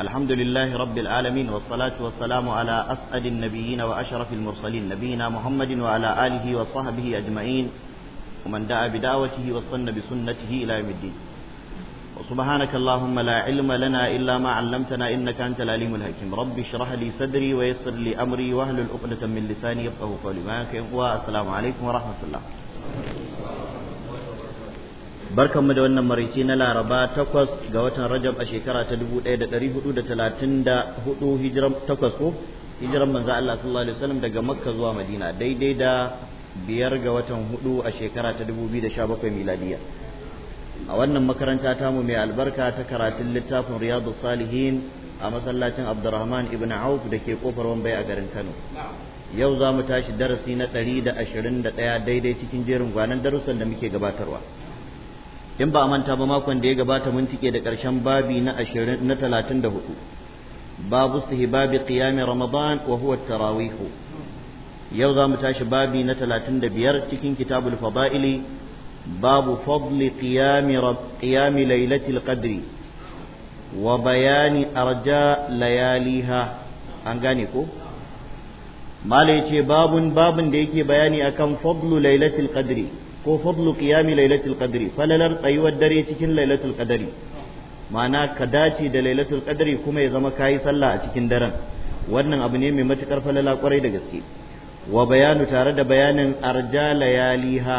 الحمد لله رب العالمين والصلاة والسلام على أسعد النبيين وأشرف المرسلين نبينا محمد وعلى آله وصحبه أجمعين ومن دعا بدعوته وصن بسنته إلى يوم الدين وسبحانك اللهم لا علم لنا إلا ما علمتنا إنك أنت العليم الحكيم رب اشرح لي صدري ويسر لي أمري واهل عقدة من لساني يفقه قولي ما والسلام عليكم ورحمة الله barkanmu da wannan maraice na laraba takwas ga watan rajab a shekara ta dubu ɗaya da ɗari hudu da talatin da hudu hijiran takwas ko hijiran manzo Allah sallallahu alaihi wasallam daga makka zuwa madina daidai da biyar ga watan hudu a shekara ta dubu biyu da sha bakwai miladiya a wannan makaranta ta mu mai albarka ta karatun littafin riyadu salihin a masallacin abdulrahman ibn auf da ke kofar wambai a garin kano yau za mu tashi darasi na ɗari da ashirin da ɗaya daidai cikin jerin gwanan darussan da muke gabatarwa in ba a manta ba makon da ya gabata mun tike da ƙarshen babi na ashirin na talatin da hudu babu istihibabi qiyami ramadan wa huwa tarawih yau za mu tashi babi na talatin da biyar cikin kitabul fada'ili babu fadli qiyami qiyam lailatul qadri wa bayani arja layaliha an gane ko malai ce babun babun da yake bayani akan fadlu lailatul qadri ko fadlu qiyami lailatul qadri falalar tsayuwar dare cikin lailatul qadri ma'ana ka dace da lailatul qadri kuma ya zama kayi sallah a cikin daren wannan abu ne mai matukar falala kwarai da gaske wa bayanu tare da bayanin arja layaliha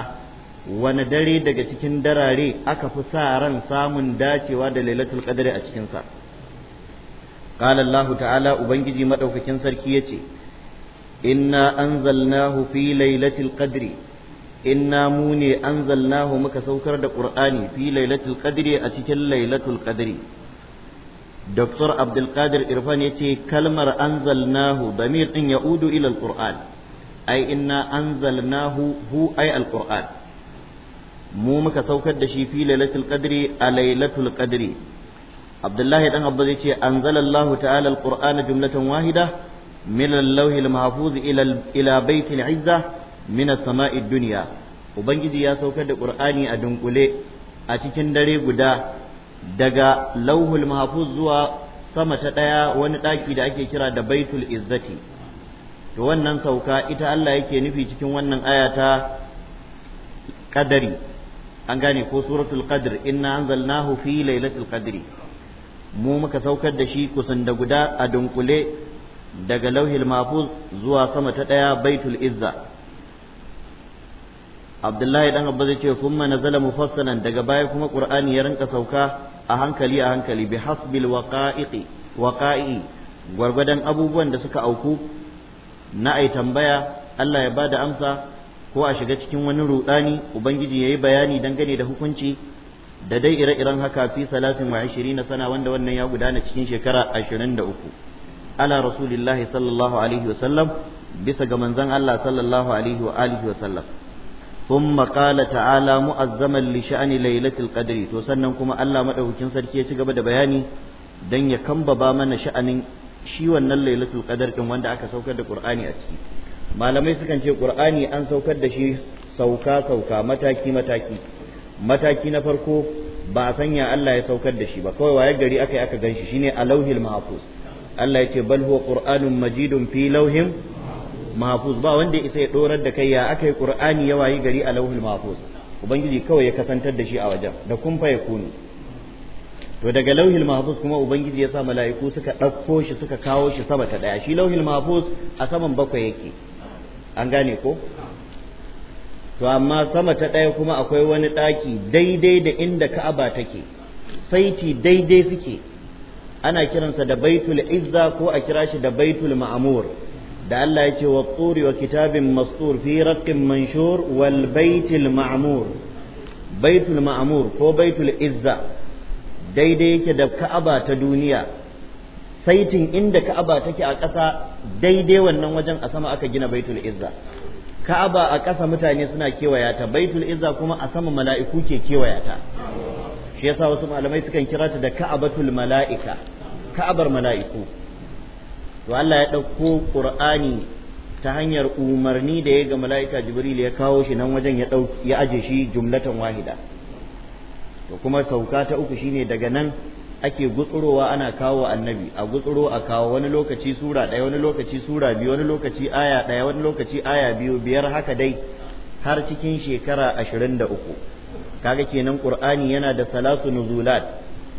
wani dare daga cikin darare aka fi sa ran samun dacewa da lailatul qadri a cikin sa qala allah ta'ala ubangiji madaukakin sarki ce inna anzalnahu fi lailatul qadri inna mu ne anzalnahu muka saukar da ƙur'ani fi lailatul qadri a cikin lailatul qadri Dr. Abdulkadir Irfan ya ce kalmar anzalnahu bamir ɗin ya'udu ila al-Qur'an ai inna anzalnahu hu ai al-Qur'an mu muka saukar da shi fi lailatul qadri a lailatul qadri Abdullahi dan Abdul ya ce anzalallahu ta'ala al-Qur'ana jumlatan wahida min al-lawhi mahfuz ila ila baitil izzah Mina sama'i duniya ubangiji ya saukar da ƙur'ani a dunkule a cikin dare guda daga lauhul mahfuz zuwa sama ta ɗaya wani ɗaki da ake kira da baitul izzati to wannan sauka ita Allah yake nufi cikin wannan aya ta qadari an gane ko suratul qadr inna anzalnahu fi lailatul qadri mu muka saukar da shi kusan da guda a dunkule daga lauhil mahfuz zuwa sama ta ɗaya baitul izza abdullahi dan abba zai ce kuma nazala mufassalan daga baya kuma qur'ani ya rinka sauka a hankali a hankali bi hasbil waqa'iqi waqa'i gwargwadon abubuwan da suka auku na ai tambaya Allah ya bada amsa ko a shiga cikin wani rudani ubangiji yayi bayani dangane da hukunci da dai ire-iren haka fi salatin wa na sana wanda wannan ya gudana cikin shekara ashirin da uku ala rasulillahi sallallahu alaihi wa sallam bisa ga manzon Allah sallallahu alaihi wa alihi wa sallam thumma qala ta'ala mu'azzaman li sha'ni lailatul qadri to sannan kuma Allah maɗaukin sarki ya ci gaba da bayani dan ya kambaba mana sha'anin shi wannan lailatul qadar din wanda aka saukar da Qur'ani a ciki malamai sukan ce Qur'ani an saukar da shi sauka sauka mataki mataki mataki na farko ba a sanya Allah ya saukar da shi ba kawai waye gari aka yi aka ganshi shine a lauhil mahfuz Allah ya ce bal huwa qur'anun majidun fi lauhin mahfuz ba wanda isa ya dorar da kai ya aka yi qur'ani ya wayi gari a lauhul mahfuz ubangiji kawai ya kasantar da shi a wajen da kun fa yakunu to daga lauhul mahfuz kuma ubangiji ya sa mala'iku suka dauko shi suka kawo shi sama ta daya shi lauhul mahfuz a saman bakwai yake an gane ko to amma sama ta ɗaya kuma akwai wani ɗaki daidai da inda ka'aba take saiti daidai suke ana kiransa da baitul izza ko a kira shi da baitul ma'mur da Allah ya ce wa wa kitabin mastur fi raqqin manshur wal baitil ma'mur baitul ma'mur ko baitul izza daidai yake da ka'aba ta duniya saitin inda ka'aba take a ƙasa daidai wannan wajen a sama aka gina baitul izza ka'aba a ƙasa mutane suna kewaya ta baitul izza kuma a sama mala'iku ke kewaya ta shi yasa wasu malamai sukan kira ta da ka'abatul mala'ika ka'abar mala'iku to Allah ya ɗauko Qur'ani ta hanyar umarni da ya ga mala'ika Jibril ya kawo shi nan wajen ya ya aje shi jumlatan wahida to kuma sauka ta uku shine daga nan ake gutsurowa ana kawo annabi a gutsuro a kawo wani lokaci sura ɗaya wani lokaci sura biyu wani lokaci aya ɗaya wani lokaci aya biyu biyar haka dai har cikin shekara ashirin da uku kaga kenan qur'ani yana da salasu nuzulat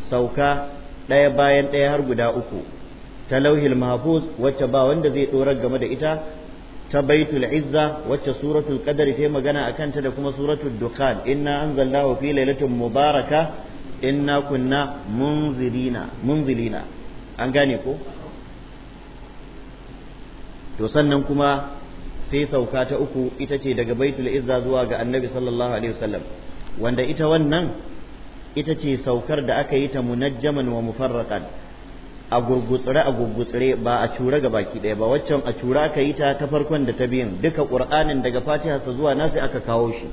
sauka ɗaya bayan ɗaya har guda uku ta lauhil mahfuz wacce ba wanda zai dorar game da ita ta baitul izza wacce suratul qadr ta magana akan ta da kuma suratul dukhan inna anzalnahu fi lailatin mubaraka inna kunna munzirina munzilina an gane ko to sannan kuma sai sauka ta uku ita ce daga baitul izza zuwa ga annabi sallallahu alaihi wasallam wanda ita wannan ita ce saukar da aka yi ta munajjaman wa mufarraqan a gurgutsure a gurgutsure ba a cura ga baki ɗaya ba waccan a cura ka yi ta ta farkon da ta biyan duka ƙur'anin daga fatiha sa zuwa nasi aka kawo shi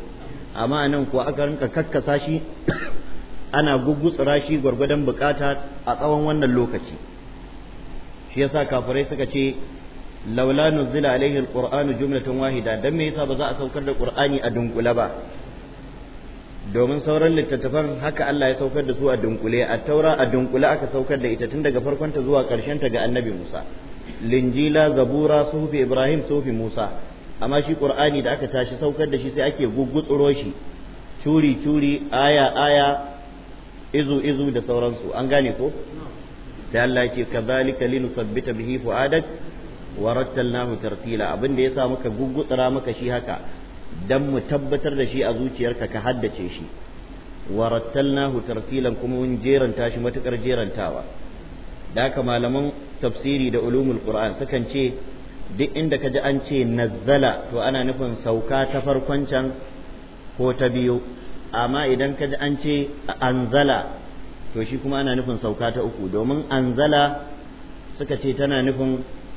amma nan kuwa aka rinka kakkasa shi ana gurgutsura shi gwargwadon bukata a tsawon wannan lokaci shi yasa kafirai suka ce laula nuzila alaihi alqur'anu jumlatan wahida dan me yasa ba za a saukar da qur'ani a dunkule ba domin sauran littattafan haka Allah ya saukar da su a dunkule a taura a dunkule aka saukar da ita tun daga farkonta zuwa ta ga annabi Musa linjila zabura sufi ibrahim sufi musa amma shi qur'ani da aka tashi saukar da shi sai ake gugutsuro shi curi curi aya aya izu izu da sauransu an gane ko sai Allah yake kadhalika linusabbita bihi fuadak warattalnahu tartila abin da yasa muka gugutsura maka shi haka dan mu tabbatar da shi a zuciyarka ka haddace shi wa rattalnahu tartilan kuma mun jeranta shi matukar jerantawa da ka malaman tafsiri da ulumul qur'an sukan ce duk inda ka ji an ce nazzala to ana nufin sauka ta farkon can ko ta biyu amma idan ka ji an ce anzala to shi kuma ana nufin sauka ta uku domin anzala suka ce tana nufin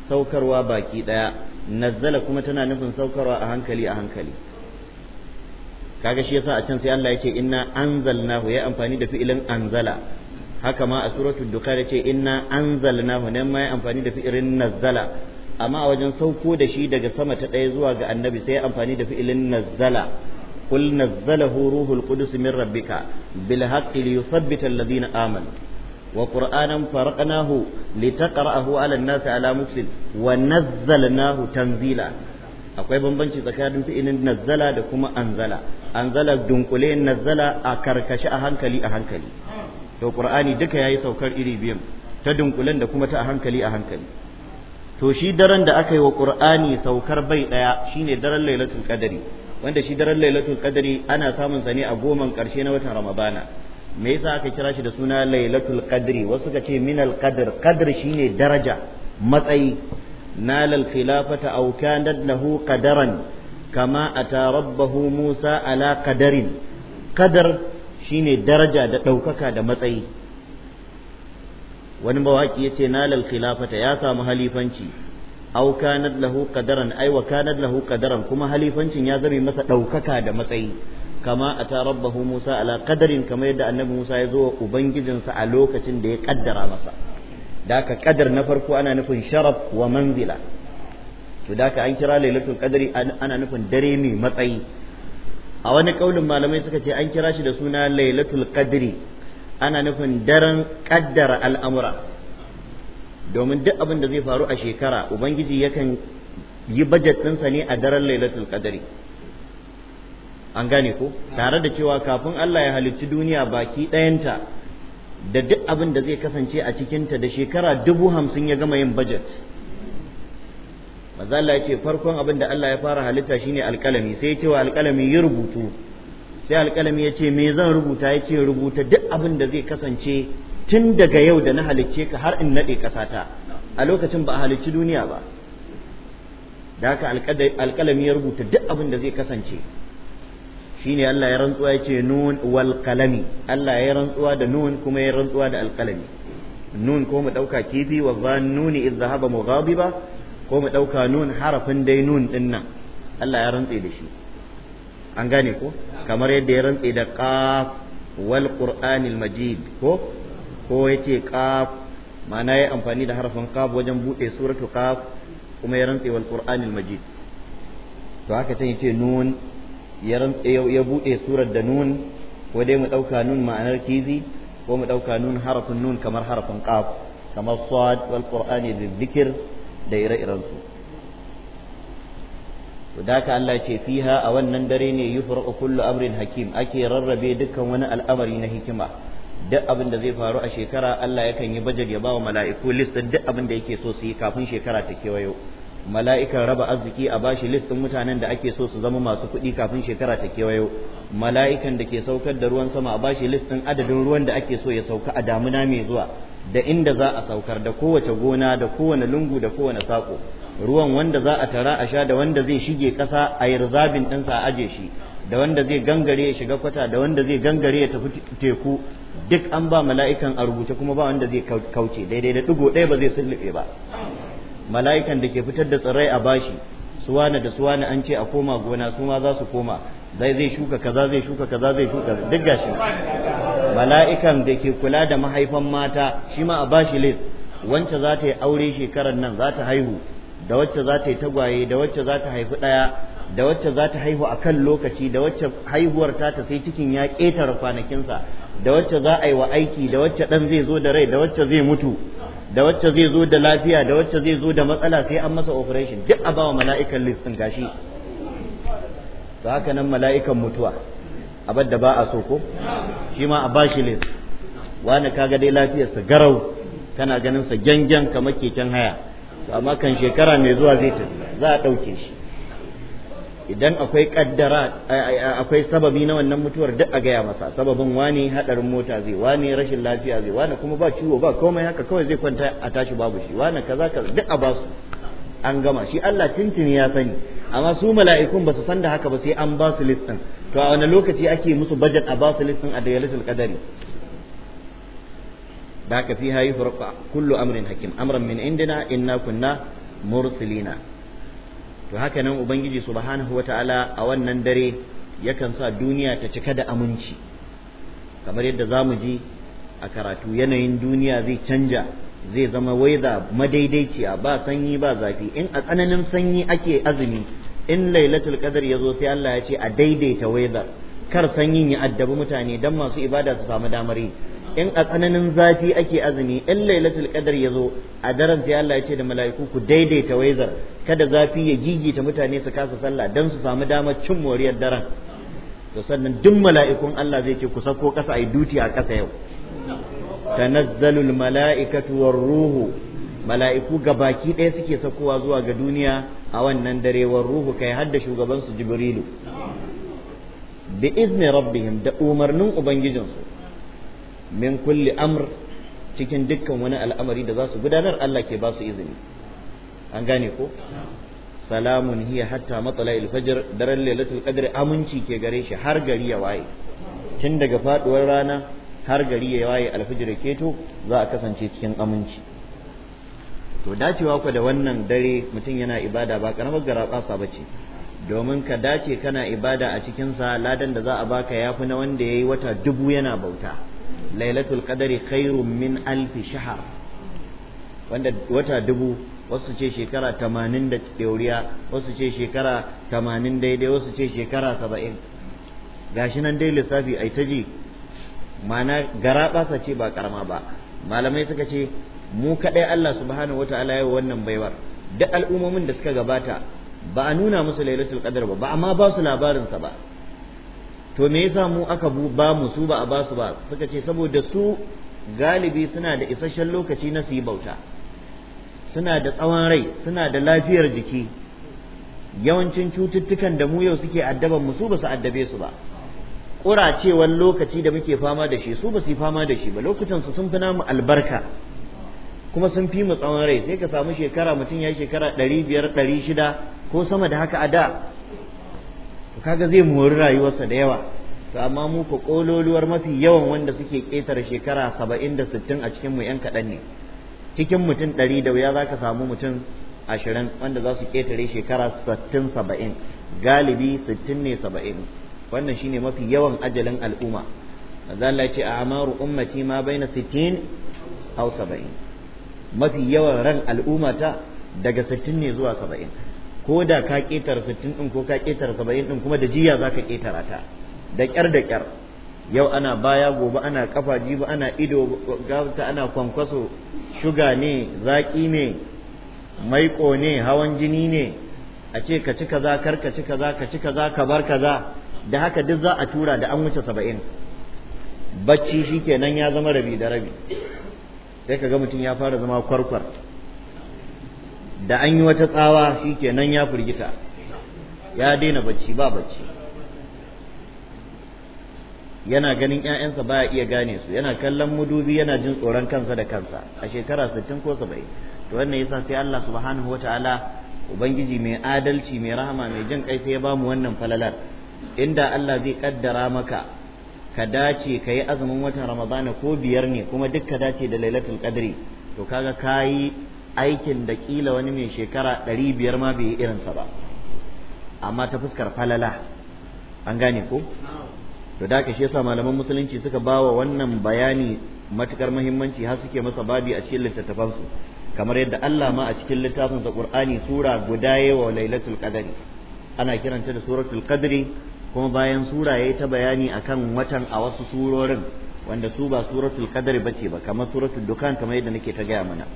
saukarwa baki ɗaya nazzala kuma tana nufin saukarwa a hankali a hankali kaga shi yasa a can sai Allah yake inna anzalnahu ya amfani da fi'ilin anzala haka ma a suratul duka da ce inna anzalnahu nan ma ya amfani da fi'ilin nazzala amma a wajen sauko da shi daga sama ta ɗaya zuwa ga annabi sai ya amfani da fi'ilin nazzala qul nazzalahu ruhul qudus min rabbika bil haqqi liyuthabbita alladhina amanu wa qur'anan faraqnahu litaqra'ahu 'ala an-nasi 'ala muksin wa nazzalnahu tanzila akwai bambanci tsakanin fi'ilin nazzala da kuma anzala anzala dunkule nazzala a karkashi a hankali a hankali to qur'ani duka yayi saukar iri biyan ta dunkulen da kuma ta a hankali a hankali to shi daren da aka yi wa qur'ani saukar bai daya shine daren lailatul qadari wanda shi daren lailatul qadari ana samun sa ne a goman karshe na watan ramadana me yasa aka kira shi da suna lailatul qadri wasu ka ce minal qadr qadr shine daraja matsayi nalal khilafata aw kanat lahu qadaran kama ata rabbahu musa ala qadarin qadar shine daraja da ɗaukaka da matsayi wani mawaki yace nalal khilafata ya samu halifanci aw kanat lahu qadaran ay wa kanat lahu qadaran kuma halifancin ya zame masa ɗaukaka da matsayi kama a ta rabbahu Musa ala kadarin kamar yadda annabi Musa ya zo ubangijinsa a lokacin da ya kaddara masa da ka kadar na farko ana nufin sharaf wa manzila to da ka an kira lailatul qadri ana nufin dare mai matsayi a wani kaulin malamai suka ce an kira shi da suna lailatul qadri ana nufin daren kaddara al'amura domin duk abin da zai faru a shekara ubangiji yakan yi bajet ɗinsa ne a daren lailatul qadri an gane ko tare da cewa kafin Allah ya halicci duniya baki ɗayanta da duk abin da zai kasance a cikinta da shekara dubu hamsin ya gama yin budget maza Allah ya ce farkon abin da Allah ya fara halitta shine alƙalami sai ya ce wa ya rubutu sai alƙalami ya ce me zan rubuta ya ce rubuta duk abin da zai kasance tun daga yau da na halicce ka har in naɗe kasata a lokacin ba a halicci duniya ba da haka alkalami ya rubuta duk abin da zai kasance shine Allah ya rantsuwa ya ce nun wal qalami Allah ya rantsuwa da nun kuma ya rantsuwa da alqalami nun ko mu dauka kifi wa zannuni idh dhahaba mughadiba ko mu dauka nun harafin dai nun din nan Allah ya rantse da shi an gane ko kamar yadda ya rantse da qaf wal qur'anil majid ko ko yace qaf ma'ana ya amfani da harafin qaf wajen bude suratul qaf kuma ya rantse wal qur'anil majid to haka can yace nun ya rantse ya bude surar da nun ko dai mu dauka nun ma'anar kizi ko mu dauka nun harafin nun kamar harafin qaf kamar sad wal qur'ani da dhikr da ire-iren su wadaka Allah ce fiha a wannan dare ne yufraqu kullu amrin hakim ake rarrabe dukkan wani al'amari na hikima duk abin da zai faru a shekara Allah yakan yi bajar ya bawa mala'iku listin duk abin da yake so su yi kafin shekara ta kewayo mala'ikan raba arziki a bashi listin mutanen da ake so su zama masu kuɗi kafin shekara ta kewayo mala'ikan da ke saukar da ruwan sama a bashi listin adadin ruwan da ake so ya sauka a damuna mai zuwa da inda za a saukar da kowace gona da kowane lungu da kowane sako ruwan wanda za a tara a sha da wanda zai shige ƙasa a yi rizabin ɗinsa a aje shi da wanda zai gangare ya shiga kwata da wanda zai gangare ya tafi teku duk an ba mala'ikan a rubuce kuma ba wanda zai kauce daidai da ɗigo ɗaya ba zai sulluɓe ba mala'ikan da ke fitar da tsirrai a bashi suwana da suwana an ce a koma gona su ma za su koma zai zai shuka kaza zai shuka kaza zai shuka duk gashi mala'ikan da ke kula da mahaifan mata shi ma a bashi list wacce za ta yi aure shekarar nan za ta haihu da wacce za ta yi tagwaye da wacce za ta haifi ɗaya da wacce za ta haihu a kan lokaci da wacce haihuwar ta ta sai cikin ya ƙetare kwanakinsa da wacce za a yi wa aiki da wacce ɗan zai zo da rai da wacce zai mutu da wacce zai zo da lafiya da wacce zai zo da matsala sai an masa operation duk a bawa mala'ikan list din gashi to haka nan mala'ikan mutuwa abar da ba a so ko shi ma a bashi list wani kaga dai lafiyarsa garau kana ganin sa gyangen kamar keken haya amma kan shekara mai zuwa zai za a ɗauke shi idan akwai kaddara akwai sababi na wannan mutuwar duk a gaya masa sababin wani hadarin mota zai wani rashin lafiya zai wani kuma ba ciwo ba komai haka kawai zai kwanta a tashi babu shi wani kaza kaza duk a basu an gama shi Allah tintini ya sani amma su mala'ikun ba su san da haka ba sai an ba su to a wani lokaci ake musu budget a ba su list din a dalilatul qadari da haka fiha yufraqa kullu amrin hakim amran min indina inna kunna mursilina to haka nan ubangiji subhanahu wataala a wannan dare yakan sa duniya ta cika da aminci kamar yadda za mu ji a karatu yanayin duniya zai canja zai zama waiza madaidaiciya ba sanyi ba zafi in a tsananin sanyi ake azumi in lailatul qadar ya zo sai Allah ya ce a daidaita waizar kar sanyin ya addabi mutane dan masu ibada su samu damar yi in a tsananin zafi ake azumi in lailatul qadar yazo a daren sai Allah ya ce da mala'iku ku daidaita waizar kada zafi ya gigita mutane su kasa sallah dan su samu damar cin moriyar daren to sannan duk mala'ikun Allah zai ce ku sako kasa ai duti a kasa yau tanazzalul mala'ikatu war ruhu mala'iku ga baki ɗaya suke sakowa zuwa ga duniya a wannan dare war ruhu kai hadda shugaban su jibrilu bi izni rabbihim da umarnin ubangijinsu min kulli amr cikin dukkan wani al'amari da za su gudanar Allah ke ba su izini an gane ko salamun hiya hatta matla'il fajr daren lailatul qadr aminci ke gare shi har gari ya waye tun daga faduwar rana har gari ya waye alfijir keto za a kasance cikin aminci to dacewa ku da wannan dare mutum yana ibada ba karamar garaɓasa ba ce domin ka dace kana ibada a cikinsa ladan da za a baka yafi na wanda ya yi wata dubu yana bauta lailatul qadari khairun min alfi shahar wanda wata dubu wasu ce shekara tamanin da ɗauriya wasu ce shekara tamanin daidai wasu ce shekara saba'in gashi nan dai lissafi ai ta ji mana gara ɓasa ce ba ƙarama ba malamai suka ce mu kaɗai Allah subhanahu wa ta'ala yau wannan baiwar duk al'ummomin da suka gabata ba a nuna musu lailatul qadar ba ba amma ba su labarinsa ba to me yasa mu aka ba mu su ba a ba su ba suka ce saboda su galibi suna da isasshen lokaci na su bauta suna da tsawon rai suna da lafiyar jiki yawancin cututtukan da mu yau suke addaban mu su ba su addabe su ba ƙuracewan lokaci da muke fama da shi su ba su fama da shi ba lokutan su sun fi namu albarka kuma sun fi mu tsawon rai sai ka samu shekara mutum ya shekara ɗari biyar ɗari shida ko sama da haka a da to kaga zai mori rayuwarsa da yawa to amma mu ko kololuwar mafi yawan wanda suke ƙetare shekara saba'in da sittin a cikin mu yan kaɗan ne cikin mutum ɗari da wuya za ka samu mutum ashirin wanda za su ƙetare shekara sittin saba'in galibi sittin ne saba'in wannan shine mafi yawan ajalin al'umma manzo Allah ce a amaru ummati ma baina sittin aw saba'in mafi yawan ran al'ummata daga sittin ne zuwa saba'in ko da ka ƙetare sittin ɗin ko ka ƙetare saba'in ɗin kuma da jiya za ka ƙetara ta da ƙyar da ƙyar yau ana baya gobe ana kafa jibi ana ido gabta ana kwankwaso shuga ne zaƙi ne maiƙo ne hawan jini ne a ce ka ci kaza kar ka ci kaza ka ci kaza ka bar kaza da haka duk za a tura da an wuce saba'in bacci kenan ya zama rabi da rabi sai ka ga mutum ya fara zama kwarkwar da an yi wata tsawa shi shikenan ya firgita ya daina bacci ba bacci yana ganin ƴaƴansa baya iya gane su yana kallon mudubi yana jin tsoron kansa da kansa a shekara 60 ko 70 to wannan yasa sai Allah subhanahu ta'ala ubangiji mai adalci mai rahama mai jin kai sai ya bamu wannan falalar inda Allah zai kaddara maka ka dace ka yi azumin watan ramadana ko biyar ne kuma duk ka dace da lailatul qadri to kaga kayi aikin da kila wani mai shekara ɗari biyar ma bai yi irinsa ba amma ta fuskar falala an gane ko to da shi yasa malaman musulunci suka ba wa wannan bayani matukar muhimmanci har suke masa babi a cikin littattafansu kamar yadda Allah ma a cikin littafinsa Qur'ani sura guda yawa lailatul qadari ana kiranta da suratul qadri kuma bayan sura yayi ta bayani akan watan a wasu surorin wanda su ba suratul qadri bace ba kamar suratul dukan kamar yadda nake ta gaya mana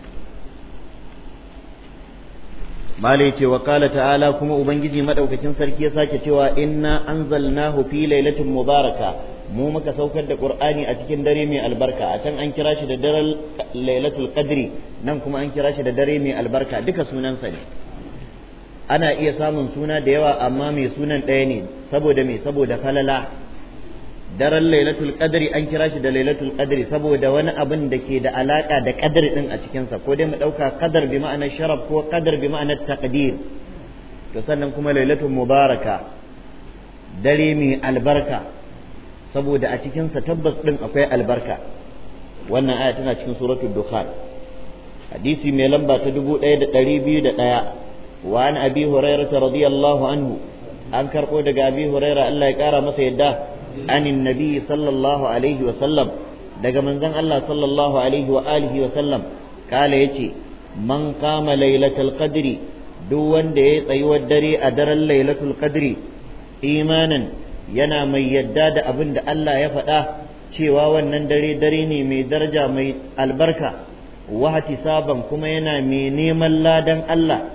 malai ce wa ta'ala kuma ubangiji madaukakin sarki ya sake cewa inna anzalnahu fi lailatin mubaraka mu muka saukar da qur'ani a cikin dare mai albarka a can an kira shi da daren lailatul qadri nan kuma an kira shi da dare mai albarka duka sunansa ne ana iya samun suna da yawa amma mai sunan ɗaya ne saboda me saboda falala daren lailatul qadri an kira shi da lailatul qadri saboda wani abin da ke da alaka da qadri din a cikin sa ko dai mu dauka qadar bi ma'anar sharaf ko qadar bi ma'anar taqdir to sannan kuma lailatul mubaraka dare mai albarka saboda a cikin sa tabbas din akwai albarka wannan aya tana cikin suratul dukhan hadisi mai lamba ta 1201 wa an abi hurairah radiyallahu anhu an karbo daga abi hurairah Allah ya kara masa yadda Anin النبي صلى الله عليه وسلم daga manzon Allah sallallahu alaihi wa sallam kala yace man qama lailatul qadri duk wanda ya tsayuwar dare a daren lailatul qadri imanan yana mai yadda da abin da Allah ya faɗa cewa wannan dare dare ne mai daraja mai albarka wahati saban kuma yana mai neman ladan Allah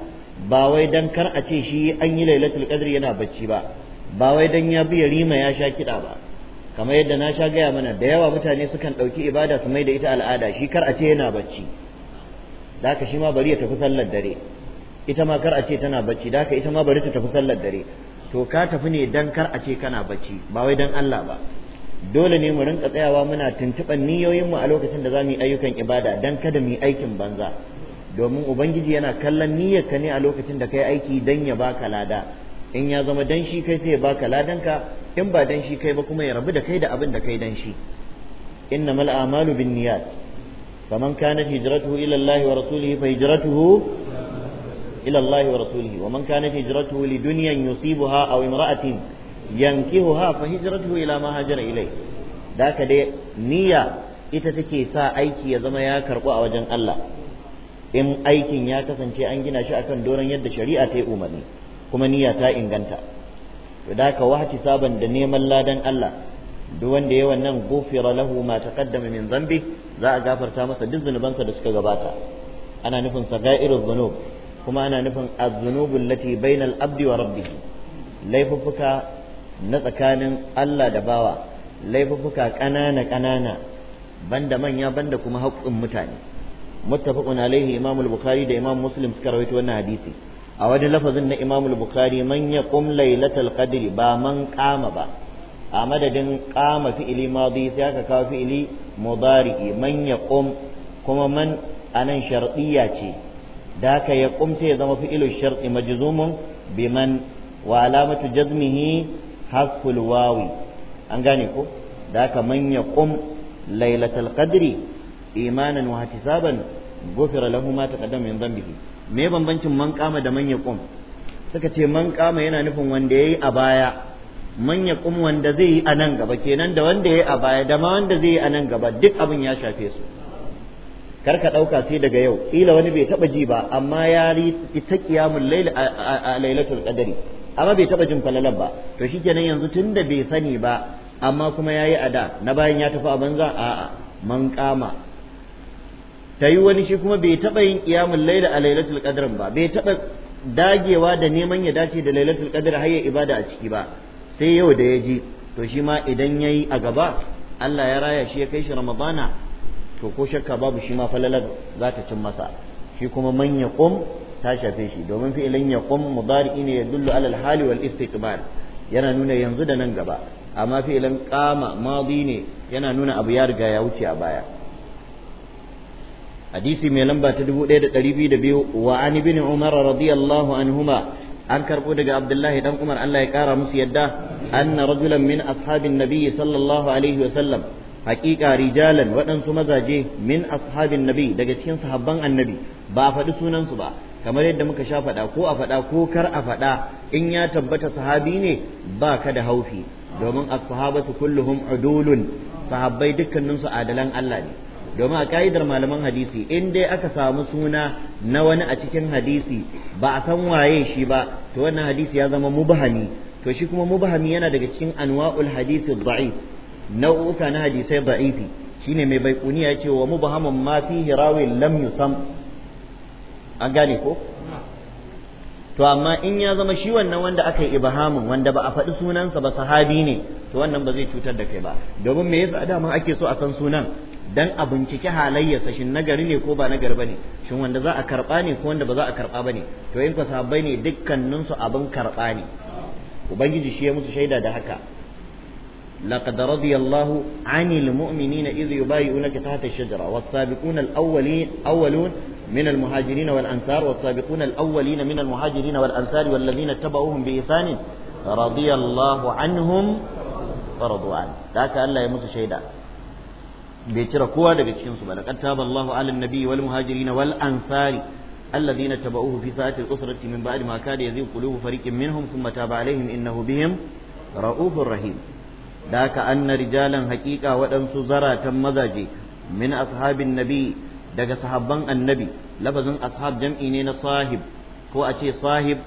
ba wai dan kar a ce shi an yi lailatul qadri yana bacci ba ba wai dan ya bi yarima ya sha kiɗa ba kamar yadda na sha gaya mana da yawa mutane sukan ɗauki ibada su mai da ita al'ada shi kar a ce yana bacci da haka shi ma bari ya tafi sallar dare ita ma kar a ce tana bacci da haka ita ma bari ta tafi sallar dare to ka tafi ne dan kar a ce kana bacci ba wai dan Allah ba dole ne mu rinka tsayawa muna tuntuɓar niyoyinmu a lokacin da za mu yi ayyukan ibada dan kada mu yi aikin banza domin ubangiji yana kallon niyyarka ne a lokacin da kai aiki dan ya baka lada in ya zama danshi kai sai ya baka ladanka in ba danshi kai ba kuma ya rabu da kai da abin da kai danshi. shi innamal a'malu binniyat faman kanat hijratuhu ila Allah wa rasulihi fa hijratuhu ila Allah wa rasulihi wa man kanat hijratuhu dunyan yusibuha aw imra'atin yankihuha fa hijratuhu ila ma hajara ilay da dai niyya ita take sa aiki ya zama ya karbu a wajen Allah in aikin ya kasance an gina shi akan doron yadda shari'a ta yi umarni kuma niyya ta inganta to da ka wahti saban da neman ladan Allah duk wanda ya wannan gufira lahu ma taqaddama min dhanbi za a gafarta masa duk zunubansa da suka gabata ana nufin sagairul dhunub kuma ana nufin az-dhunubul lati bainal abdi wa rabbih laifuffuka na tsakanin Allah da bawa laifuffuka ƙanana ƙanana banda manya banda kuma haƙƙin mutane muttafaqun alaihi imamul bukhari da imam muslim suka rawaito wannan hadisi a wani lafazin na imamul Bukhari man yaqum lailatul qadri ba man kama ba a madadin kama fi'ili madi sai aka kawo fi'ili mudari'i man yaqum kuma man anan shar'iyya ce da ka yaqum sai ya zama fi'ilu shar'i majzumun man wa alamatu jazmihi hasful wawi an gane ko da ka man yaqum lailatul qadri imanan wa ihtisaban غفر ta ما تقدم من ذنبه me bambancin man da manya yaqum suka ce man yana nufin wanda yayi a baya manya wanda zai yi a nan gaba kenan da wanda yayi a baya dama wanda zai yi a nan gaba duk abin ya shafe su kar ka dauka sai daga yau kila wani bai taba ji ba amma ya ita qiyamul layl a lailatul qadri amma bai taba jin falalar ba to shi shikenan yanzu tun da bai sani ba amma kuma yayi da na bayan ya tafi a banza a'a man ta yi wani shi kuma bai taɓa yin ƙiyamun laila a lailatul qadr ba bai taɓa dagewa da neman ya dace da lailatul qadr har ya ibada a ciki ba sai yau da ya ji to shi ma idan yayi a gaba Allah ya raya shi ya kai shi ramadana to ko shakka babu shi ma falalar za ta cin masa shi kuma man yaqum ta shafe shi domin fi'ilin yaqum mudari'i ne yadullu alal hali wal istiqbal yana nuna yanzu da nan gaba amma fi'ilin qama madi ne yana nuna abu ya riga ya wuce a baya hadisi mai lamba ta dubu 1202 wa an ibn umar radiyallahu anhuma an karbo daga abdullahi dan umar Allah ya kara musu yadda anna rajulan min ashabin nabiyyi sallallahu alaihi wa sallam haqiqa rijalan waɗansu mazaje min ashabin nabi daga cikin sahabban annabi ba a faɗi sunansu ba kamar yadda muka sha faɗa ko a faɗa ko kar a faɗa in ya tabbata sahabi ne ba ka da haufi domin as-sahabatu kulluhum udulun sahabbai dukkaninsu adalan Allah ne domin a ka'idar malaman hadisi in dai aka samu suna na wani a cikin hadisi ba a san waye shi ba to wannan hadisi ya zama mubahami to shi kuma mubahami yana daga cikin anwa'ul hadisi da'if nau'uka na hadisai da'ifi shine mai baikuniya ya ce wa mubahamun ma fihi rawi lam yusam an gane ko to amma in ya zama shi wannan wanda aka yi ibahamin wanda ba a faɗi sunansa ba sahabi ne to wannan ba zai cutar da kai ba domin me yasa dama ake so a san sunan dan a bincike halayyarsa shin gari ne ko ba nagari bane shin wanda za a karba ne ko wanda ba za a karba bane to in ko sahabbai ne dukkanin su abin karba ne ubangiji shi ya musu shaida da haka laqad radiyallahu 'anil mu'minina idh yubayyi'unaka tahta ash-shajara was-sabiquna al-awwalin awwalun من المهاجرين والأنصار والسابقون الأولين من المهاجرين والأنصار والذين اتبعوهم بإحسان رضي الله عنهم ورضوا عنه ذاك الله يمس شهيدا bai cire kowa daga cikin su ba laqad taballahu 'alan nabiyyi wal muhajirin wal ansari alladhina tabauhu fi sa'ati al-usrati min ba'di ma kada yazigh qulubu fariqin minhum thumma taba 'alayhim innahu bihim ra'ufur rahim da ka anna rijalan haqiqa waɗansu zaratan mazaje min ashabin nabi daga sahabban annabi lafazin ashab jam'i ne na sahib ko a ce sahib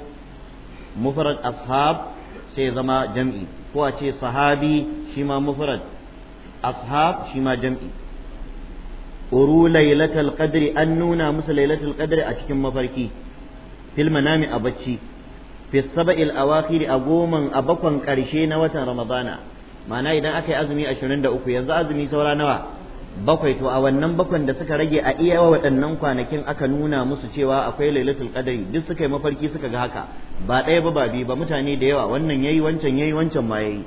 mufrad ashab sai zama jam'i ko a ce sahabi shi ma mufrad ashab shi ma jam'i uru lailatul qadri an nuna musu lailatul qadri a cikin mafarki fil manami a bacci fi sab'il awakhir a goma a bakon ƙarshe na watan ramadana Mana idan aka yi azumi ashirin 23 yanzu azumi saura nawa bakwai to a wannan bakwan da suka rage a iya waɗannan kwanakin aka nuna musu cewa akwai lailatul qadri duk suka yi mafarki suka ga haka ba ɗaya ba ba biyu ba mutane da yawa wannan yayi wancan yayi wancan ma yayi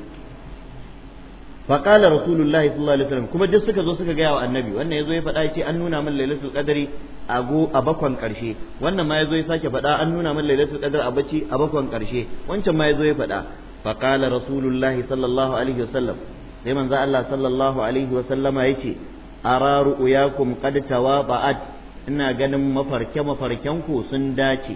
fa qala rasulullah sallallahu alaihi wasallam kuma duk suka zo suka gaya wa annabi wannan yazo ya fada yace an nuna min lailatul qadri a go a bakon karshe wannan ma yazo ya sake fada an nuna min lailatul qadr a bacci a bakon karshe wancan ma yazo ya faɗa fa qala rasulullah sallallahu alaihi wasallam sai manzo Allah sallallahu alaihi wa wasallama yace ara ru'yakum qad tawaba'at ina ganin mafarke mafarken ku sun dace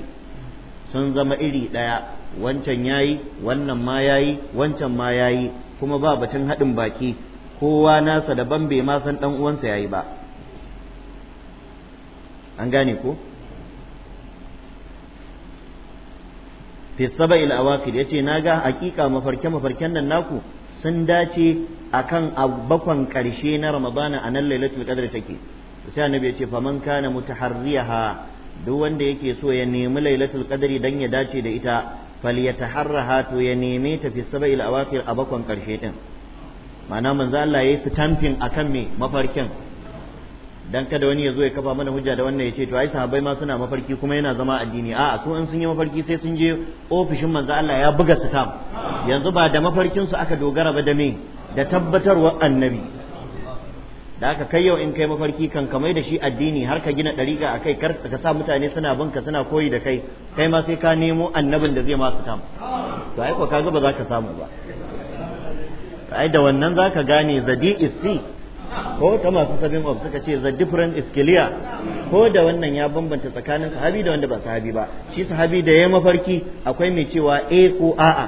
sun zama iri ɗaya wancan yayi wannan ma yayi wancan ma yayi kuma ba batun haɗin baki kowa nasa daban bai ma san ɗan uwansa yayi ba an gane ko fi saba'il awaqid yace naga hakika mafarke mafarken nan naku sun dace akan bakwan karshe na ramadana a nan lailatul qadr take sai annabi yace faman kana mutaharriha duk wanda yake so ya nemi lailatul qadri dan ya dace da ita falyataharraha to ya neme ta fi a bakon karshe din ma'ana manzo Allah yayi stamping akan me mafarkin dan kada wani ya zo ya kafa mana hujja da wannan ya ce to ai sahabbai ma suna mafarki kuma yana zama addini a'a su in sun yi mafarki sai sun je ofishin manzo Allah ya buga sitam yanzu ba da mafarkin su aka dogara ba da me da tabbatarwa annabi da aka kai yau in kai mafarki kan kamai da shi addini har ka gina ɗariƙa a kai ka sa mutane suna bin ka suna koyi da kai kai ma sai ka nemo annabin da zai masu tam to ai ko kaga ba za ka samu ba ai da wannan za ka gane the D ko ta masu sabin of suka ce the different is clear ko da wannan ya bambanta tsakanin sahabi da wanda ba sahabi ba shi sahabi da ya mafarki akwai mai cewa a eh ko a'a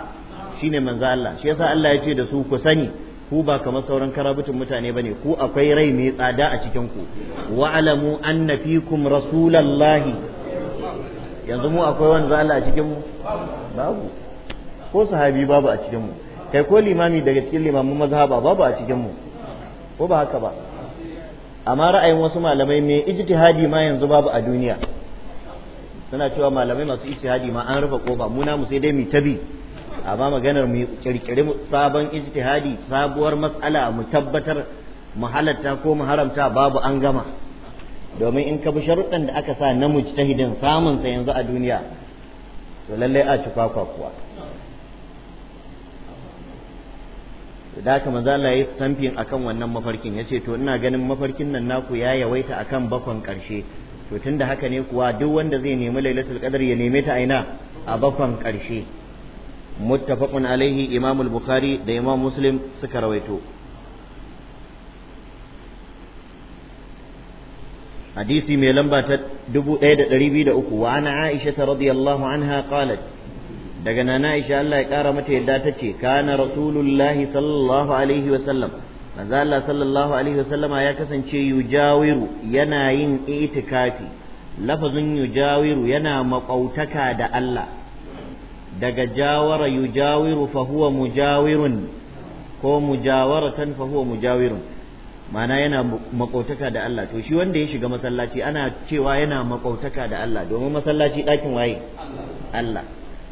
shine manzo Allah shi yasa Allah ya ce da su ku sani ku ba kamar sauran karabutun mutane bane ku akwai rai mai tsada a cikin ku alamu anna fikum rasulallahi yanzu mu akwai wanda Allah a cikin mu babu ko sahabi babu a cikin mu kai ko limami daga cikin limamin mazhaba babu a cikin mu ko ba haka ba amma ra'ayin wasu malamai mai ijtihadi ma yanzu babu a duniya suna cewa malamai masu ijtihadi ma an rufe kofa mu na mu sai dai mu tabi amma maganar mu kirkiri sabon ijtihadi sabuwar matsala mu tabbatar mu halatta ko mu haramta babu an gama domin in ka bi sharuɗan da aka sa na mujtahidin samun sa yanzu a duniya to lalle a ci kwakwa kuwa da ka manzo Allah ya stamping akan wannan mafarkin yace to ina ganin mafarkin nan naku ya yawaita akan bakon karshe to tunda haka ne kuwa duk wanda zai nemi lailatul qadr ya neme ta aina a bakon karshe muttafaqun alaihi imam al-bukhari da imam muslim suka rawaito hadisi mai lamba ta 1203 wa ana aisha radiyallahu anha qalat daga nana aisha Allah ya kara mata yadda ta ce kana rasulullahi sallallahu alaihi wa sallam manzo sallallahu alaihi wa sallama ya kasance yujawiru yana yin itikafi lafazin yujawiru yana maƙautaka da Allah daga jawara yujawiru fa huwa mujawirun ko mujawaratan fa huwa mujawirun ma'ana yana makautaka da Allah to shi wanda ya shiga masallaci ana cewa yana makautaka da Allah domin masallaci ɗakin waye Allah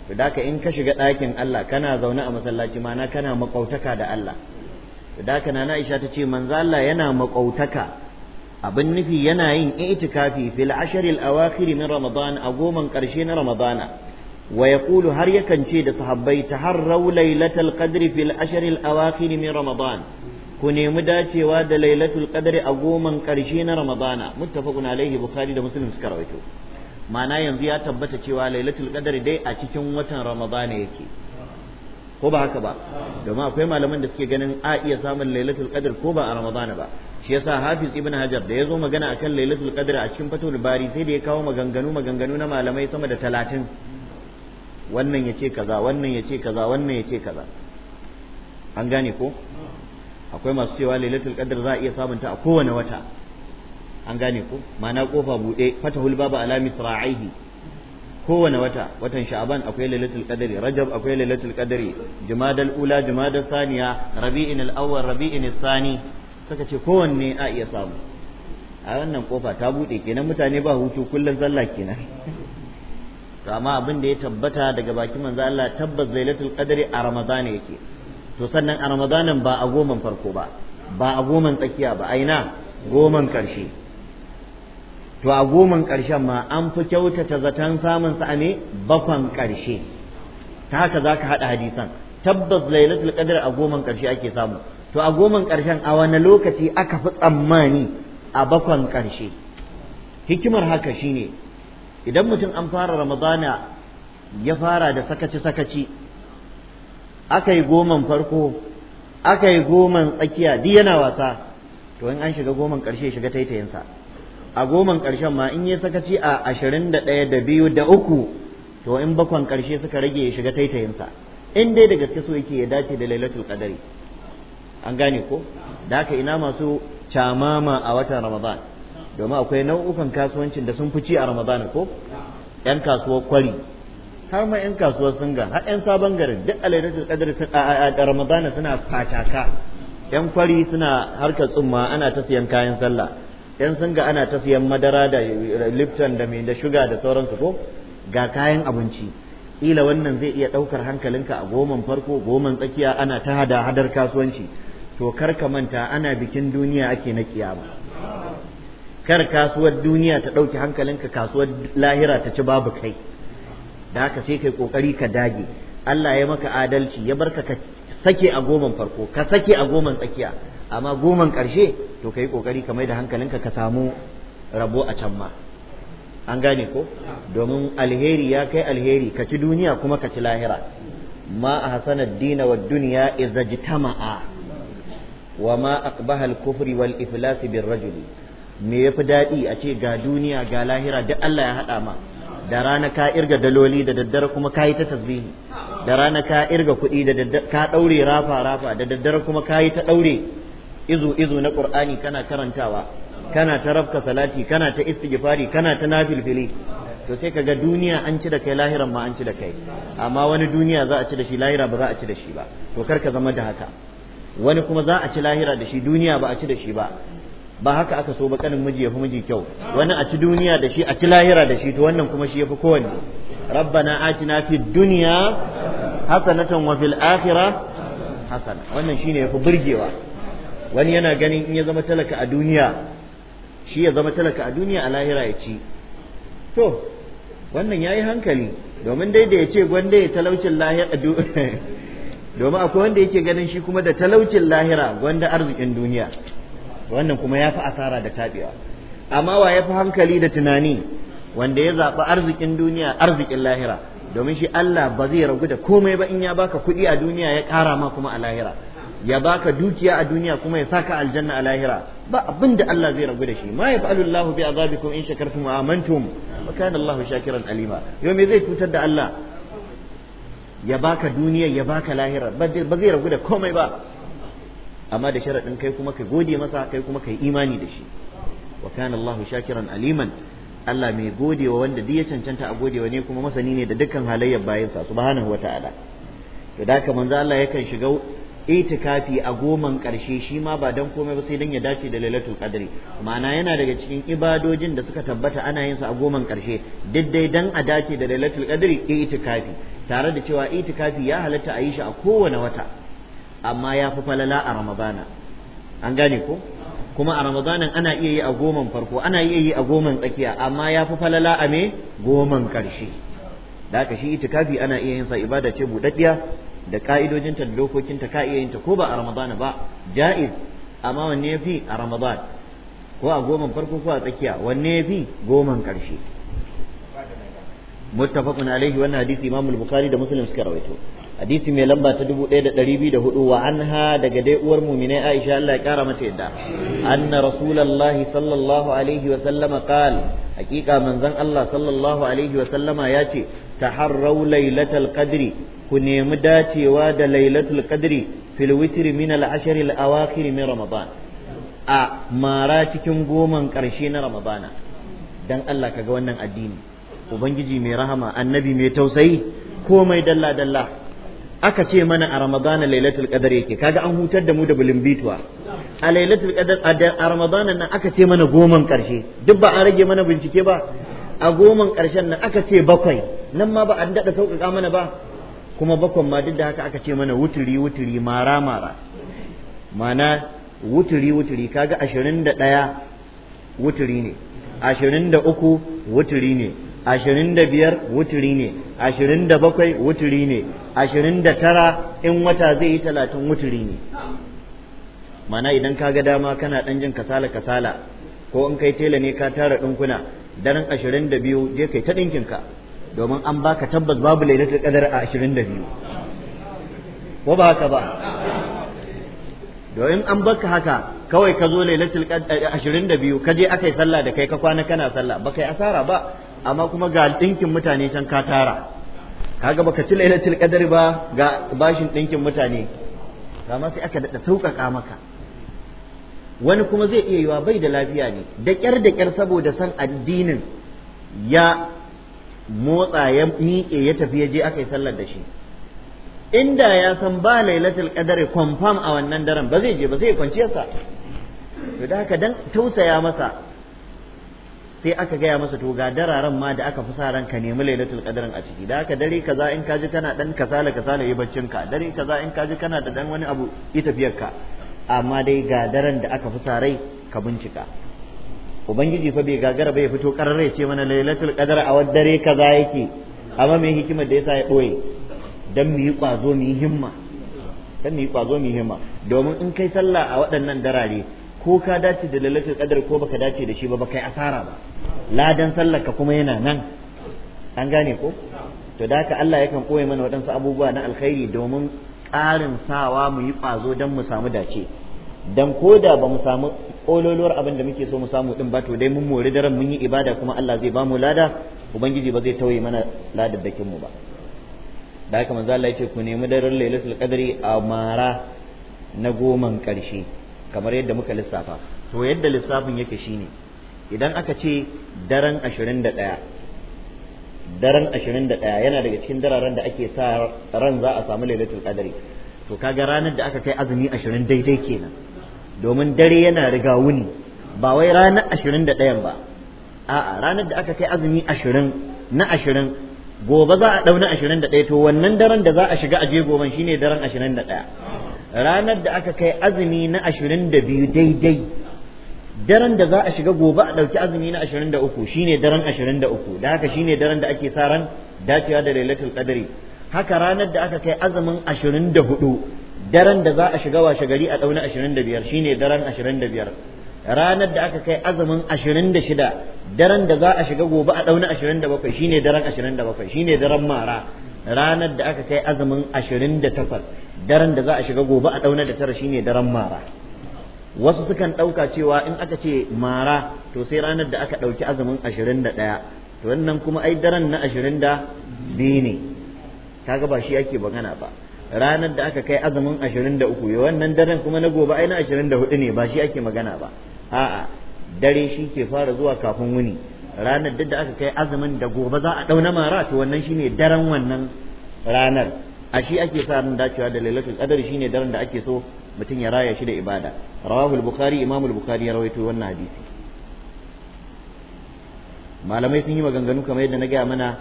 to da in ka shiga ɗakin Allah kana zaune a masallaci ma'ana kana makautaka da Allah to daka na Aisha ta ce manzo Allah yana makautaka abin nufi yana yin itikafi fil asharil awakhir min ramadan a goman karshe na ramadana Waya yaqulu har yakan ce da sahabbai taharrau lailatul qadri fil ashr al awakhir min ramadan ku nemi dacewa da lailatul qadri a goman karshe na ramadana muttafaqun alaihi bukhari da muslim suka rawaito ma'ana yanzu ya tabbata cewa lailatul qadri dai a cikin watan ramadana yake ko ba haka ba domin akwai malaman da suke ganin a iya samun lailatul qadr ko ba a ramadana ba shi yasa hafiz ibn hajar da ya zo magana akan lailatul qadr a cikin fatul bari sai da ya kawo maganganu maganganu na malamai sama da talatin wannan ya ce kaza wannan ya ce kaza wannan ya ce kaza an gane ko akwai masu cewa lailatul qadr za a iya sabunta a kowane wata an gane ko ma'ana kofa buɗe fatahul babu ala misra'ihi kowane wata watan sha'aban akwai lailatul qadri rajab akwai lailatul qadri jumadal ula jumadal saniya rabi'in al-awwal rabi'in al-thani saka ce kowanne a iya samu a wannan kofa ta buɗe kenan mutane ba hutu kullum sallah kenan to amma abin da ya tabbata daga bakin manzo Allah tabbas lailatul qadri a ramadana yake to sannan a ramadanan ba a goman farko ba ba a goman tsakiya ba aina goman karshe to a goman karshen ma an fi kyautata zaton samun sa ne bakon karshe ta haka zaka hada hadisan tabbas lailatul Qadri a goman karshe ake samu to a goman karshen a wani lokaci aka fi tsammani a bakon karshe hikimar haka shine idan mutum an fara ramadana ya fara da sakaci-sakaci aka yi goman farko aka yi goman tsakiya duk yana wasa to in an shiga goman ƙarshe shiga taitayinsa a goman ƙarshen ma in yi sakaci a ashirin da ɗaya da biyu da uku to in bakwan ƙarshe suka rage ya shiga taitayinsa in dai da gaske so yake ya dace da lailatul qadari an gane ko da haka ina masu camama a watan ramadan domin akwai nau'ukan kasuwancin da sun fi ci a ramadana ko yan kasuwar kwari har ma yan kasuwar singa har yan sabon garin duk a lailatul qadr a ramadana suna fataka yan kwari suna harkar tsumma ana ta siyan kayan sallah yan singa ana ta siyan madara da lipton da mai da shuga da sauransu ko ga kayan abinci ila wannan zai iya ɗaukar hankalinka a goman farko goman tsakiya ana ta hada hadar kasuwanci to kar ka manta ana bikin duniya ake na kiyama kar kasuwar duniya ta ɗauki hankalinka kasuwar lahira ta ci babu kai da haka sai kai kokari ka dage Allah ya maka adalci ya barka ka sake a goman farko ka sake a goman tsakiya amma goman ƙarshe to kai kokari ka mai da hankalinka ka samu rabo a can ma an gane ko domin alheri ya kai alheri ka ci duniya kuma ka ci lahira ma a hasanar dina wa duniya izajtama'a wa ma aqbaha al-kufri wal iflasi bir rajuli me fi daɗi a ce ga duniya ga lahira duk Allah ya haɗa ma da rana ka irga daloli da daddare kuma ka yi ta tasbihi da rana ka irga kuɗi da daddare ka ɗaure rafa rafa da daddare kuma ka yi ta ɗaure izu izu na ƙur'ani kana karantawa kana ta rafka salati kana ta istighfari kana ta nafilfili to sai kaga duniya an ci da kai lahiran ma an ci da kai amma wani duniya za a ci da shi lahira ba za a ci da shi ba to kar ka zama da haka wani kuma za a ci lahira da shi duniya ba a ci da shi ba ba haka aka so ba kanin miji yafi miji kyau wani a ci duniya da shi a ci lahira da shi to wannan kuma shi yafi kowanne rabbana atina fid dunya hasanatan wa fil akhirah hasana wannan shine yafi burgewa wani yana ganin in ya zama talaka a duniya shi ya zama talaka a duniya a lahira ya ci to wannan yayi hankali domin dai da ya ce gwanda ya talaucin lahira domin akwai wanda yake ganin shi kuma da talaucin lahira gwanda arzikin duniya wannan kuma ya fi asara da taɓewa amma wa ya fi hankali da tunani wanda ya zaɓi arzikin duniya arzikin lahira domin shi Allah ba zai ragu da komai ba in ya baka kuɗi a duniya ya ƙara ma kuma a lahira ya baka dukiya a duniya kuma ya saka aljanna a lahira ba abin da Allah zai ragu da shi ma yaf'alu Allahu bi azabikum in shakartum wa amantum wa kana Allahu shakiran alima yau me zai cutar da Allah ya baka duniya ya baka lahira ba zai ragu da komai ba amma da sharaɗin kai kuma ka gode masa kai kuma ka yi imani da shi wa kana Allah shakiran aliman Allah mai gode wa wanda duk ya cancanta a godewa ne kuma masani ne da dukkan halayyar bayansa subhanahu wa ta'ala to da manzo Allah yakan shiga itikafi a goman karshe shi ma ba dan komai ba sai dan ya dace da lailatul qadri ma'ana yana daga cikin ibadojin da suka tabbata ana yin su a goman ƙarshe dai dan a dace da lailatul qadri itikafi tare da cewa itikafi ya halatta a yi shi a kowane wata amma ya fi falala a ramadana an gane ko kuma a ramadanan ana iya yi a goman farko ana iya yi a goman tsakiya amma ya fi falala a me goman ƙarshe da haka shi itikafi ana iya yin sa ibada ce budaddiya da ka'idojinta da dokokinta ka iya yin ta ko ba a ramadana ba ja'iz amma wanne ya fi a ramadan ko a goman farko ko a tsakiya wanne ya fi goman ƙarshe muttafaqun alaihi wannan hadisi imamul bukhari da muslim suka rawaito hadisi mai lamba ta 1204 wa anha daga dai uwar mu'minai Aisha Allah ya kara mata yadda anna rasulullahi sallallahu alaihi wa sallama qala hakika manzon Allah sallallahu alaihi wa sallama yace taharrau lailatul qadri ku nemi dacewa da lailatul qadri fil witri min al ashr al awakhir min ramadan a mara cikin goman karshe na ramadana dan Allah kaga wannan addini ubangiji mai rahama annabi mai tausayi komai dalla dalla aka ce mana a ramadana lailatul qadar yake kaga an hutar da mu da bituwa a lailatul qadar a ramadana nan aka ce mana goman karshe duk ba an rage mana bincike ba a goman karshen nan aka ce bakwai nan ma ba an dada sauƙaƙa mana ba kuma bakwan ma duk da haka aka ce mana wuturi wuturi mara mara mana wuturi wuturi kaga ashirin da ɗaya wuturi ne ashirin da uku wuturi ne ashirin da biyar wuturi ne ashirin da bakwai wuturi ne ashirin da tara in wata zai yi talatin wuturi ne mana idan ka ga dama kana ɗan jin kasala kasala ko in kai tela ne ka tara ɗinkuna daren ashirin da biyu je kai ta ɗinkinka domin an baka tabbas babu lailatul ƙadar a ashirin da biyu ko ba haka ba domin an baka haka kawai ka zo lailatul eh, ashirin da biyu ka je aka yi sallah da kai ka kwana kana sallah ba kai asara ba amma kuma ga ɗinkin mutane can ka tara kaga baka ci lailatul qadr ba ga bashin ɗinkin mutane ma sai aka daɗa sauƙaƙa maka wani kuma zai iya yiwa bai da lafiya ne da ƙyar da ƙyar saboda san addinin ya motsa ya miƙe ya tafi ya je aka yi sallar da shi inda ya san ba lailatul qadr confirm a wannan daren ba zai je ba sai ya kwanciyarsa to da haka dan tausaya masa sai aka gaya masa to ga dararen ma da aka fi sa ranka nemi lailatul qadrin a ciki da haka dare kaza in kaji kana dan kasala kasala yi baccin ka dare kaza in kaji kana da dan wani abu yi tafiyar ka amma dai ga daren da aka fi sa rai ka bincika ubangiji fa bai gagara bai fito ya ce mana lailatul qadr a wadda dare kaza yake amma me hikimar da yasa ya boye dan mu yi kwazo mu yi himma dan mu yi kwazo mu yi himma domin in kai sallah a waɗannan darare ko ka dace da lailatul qadar ko baka dace da shi ba baka yi asara ba ladan sallarka kuma yana nan an gane ko to da haka Allah yakan koya mana waɗansu abubuwa na alkhairi domin ƙarin sawa mu yi ƙwazo don mu samu dace dan ko da ba mu samu ƙololuwar abin da muke so mu samu din ba to dai mun mori daren mun yi ibada kuma Allah zai ba mu lada ubangiji ba zai tauye mana ladaddakin mu ba da haka manzo Allah ya ku nemi daren lailatul qadri a mara na goman ƙarshe kamar yadda muka lissafa to yadda lissafin yake shine idan aka ce daren 21 daren 21 yana daga cikin dararen da ake sa ran za a samu lailatul qadari to kaga ranar da aka kai azumi 20 daidai kenan domin dare yana riga wuni ba wai ranar 21 ba a'a ranar da aka kai azumi 20 na 20 gobe za a ɗau na 21 to wannan daren da za a shiga a je goben shine daren 21 ranar da aka kai azumi na ashirin da biyu daidai daren da za a shiga gobe a ɗauki azumi na ashirin da uku shine daren ashirin da uku da haka shine daren da ake sa ran dacewa da lailatul qadri haka ranar da aka kai azumin ashirin da hudu daren da za a shiga washe gari a ɗauna ashirin da biyar shine daren ashirin da biyar ranar da aka kai azumin ashirin da shida daren da za a shiga gobe a ɗauna ashirin da bakwai shine daren ashirin da bakwai shine daren mara ranar da aka kai azumin ashirin da takwas daren da za a shiga gobe a ɗauna da tara shine daren mara wasu sukan ɗauka cewa in aka ce mara to sai ranar da aka ɗauki azumin ashirin da ɗaya to wannan kuma ai daren na ashirin da biyu ne kaga ba shi ake magana ba ranar da aka kai azumin ashirin da uku wannan daren kuma na gobe ai na ashirin da hudu ne ba shi ake magana ba a'a dare shi ke fara zuwa kafin wuni ranar duk da aka kai azumin da gobe za a ɗauna mara to wannan shine daren wannan ranar a shi ake sa ran dacewa da lailatul qadr shine daren da ake so mutum ya raya shi da ibada rawahu al-bukhari imam al-bukhari ya rawaito wannan hadisi malamai sun yi maganganu kamar yadda na gaya mana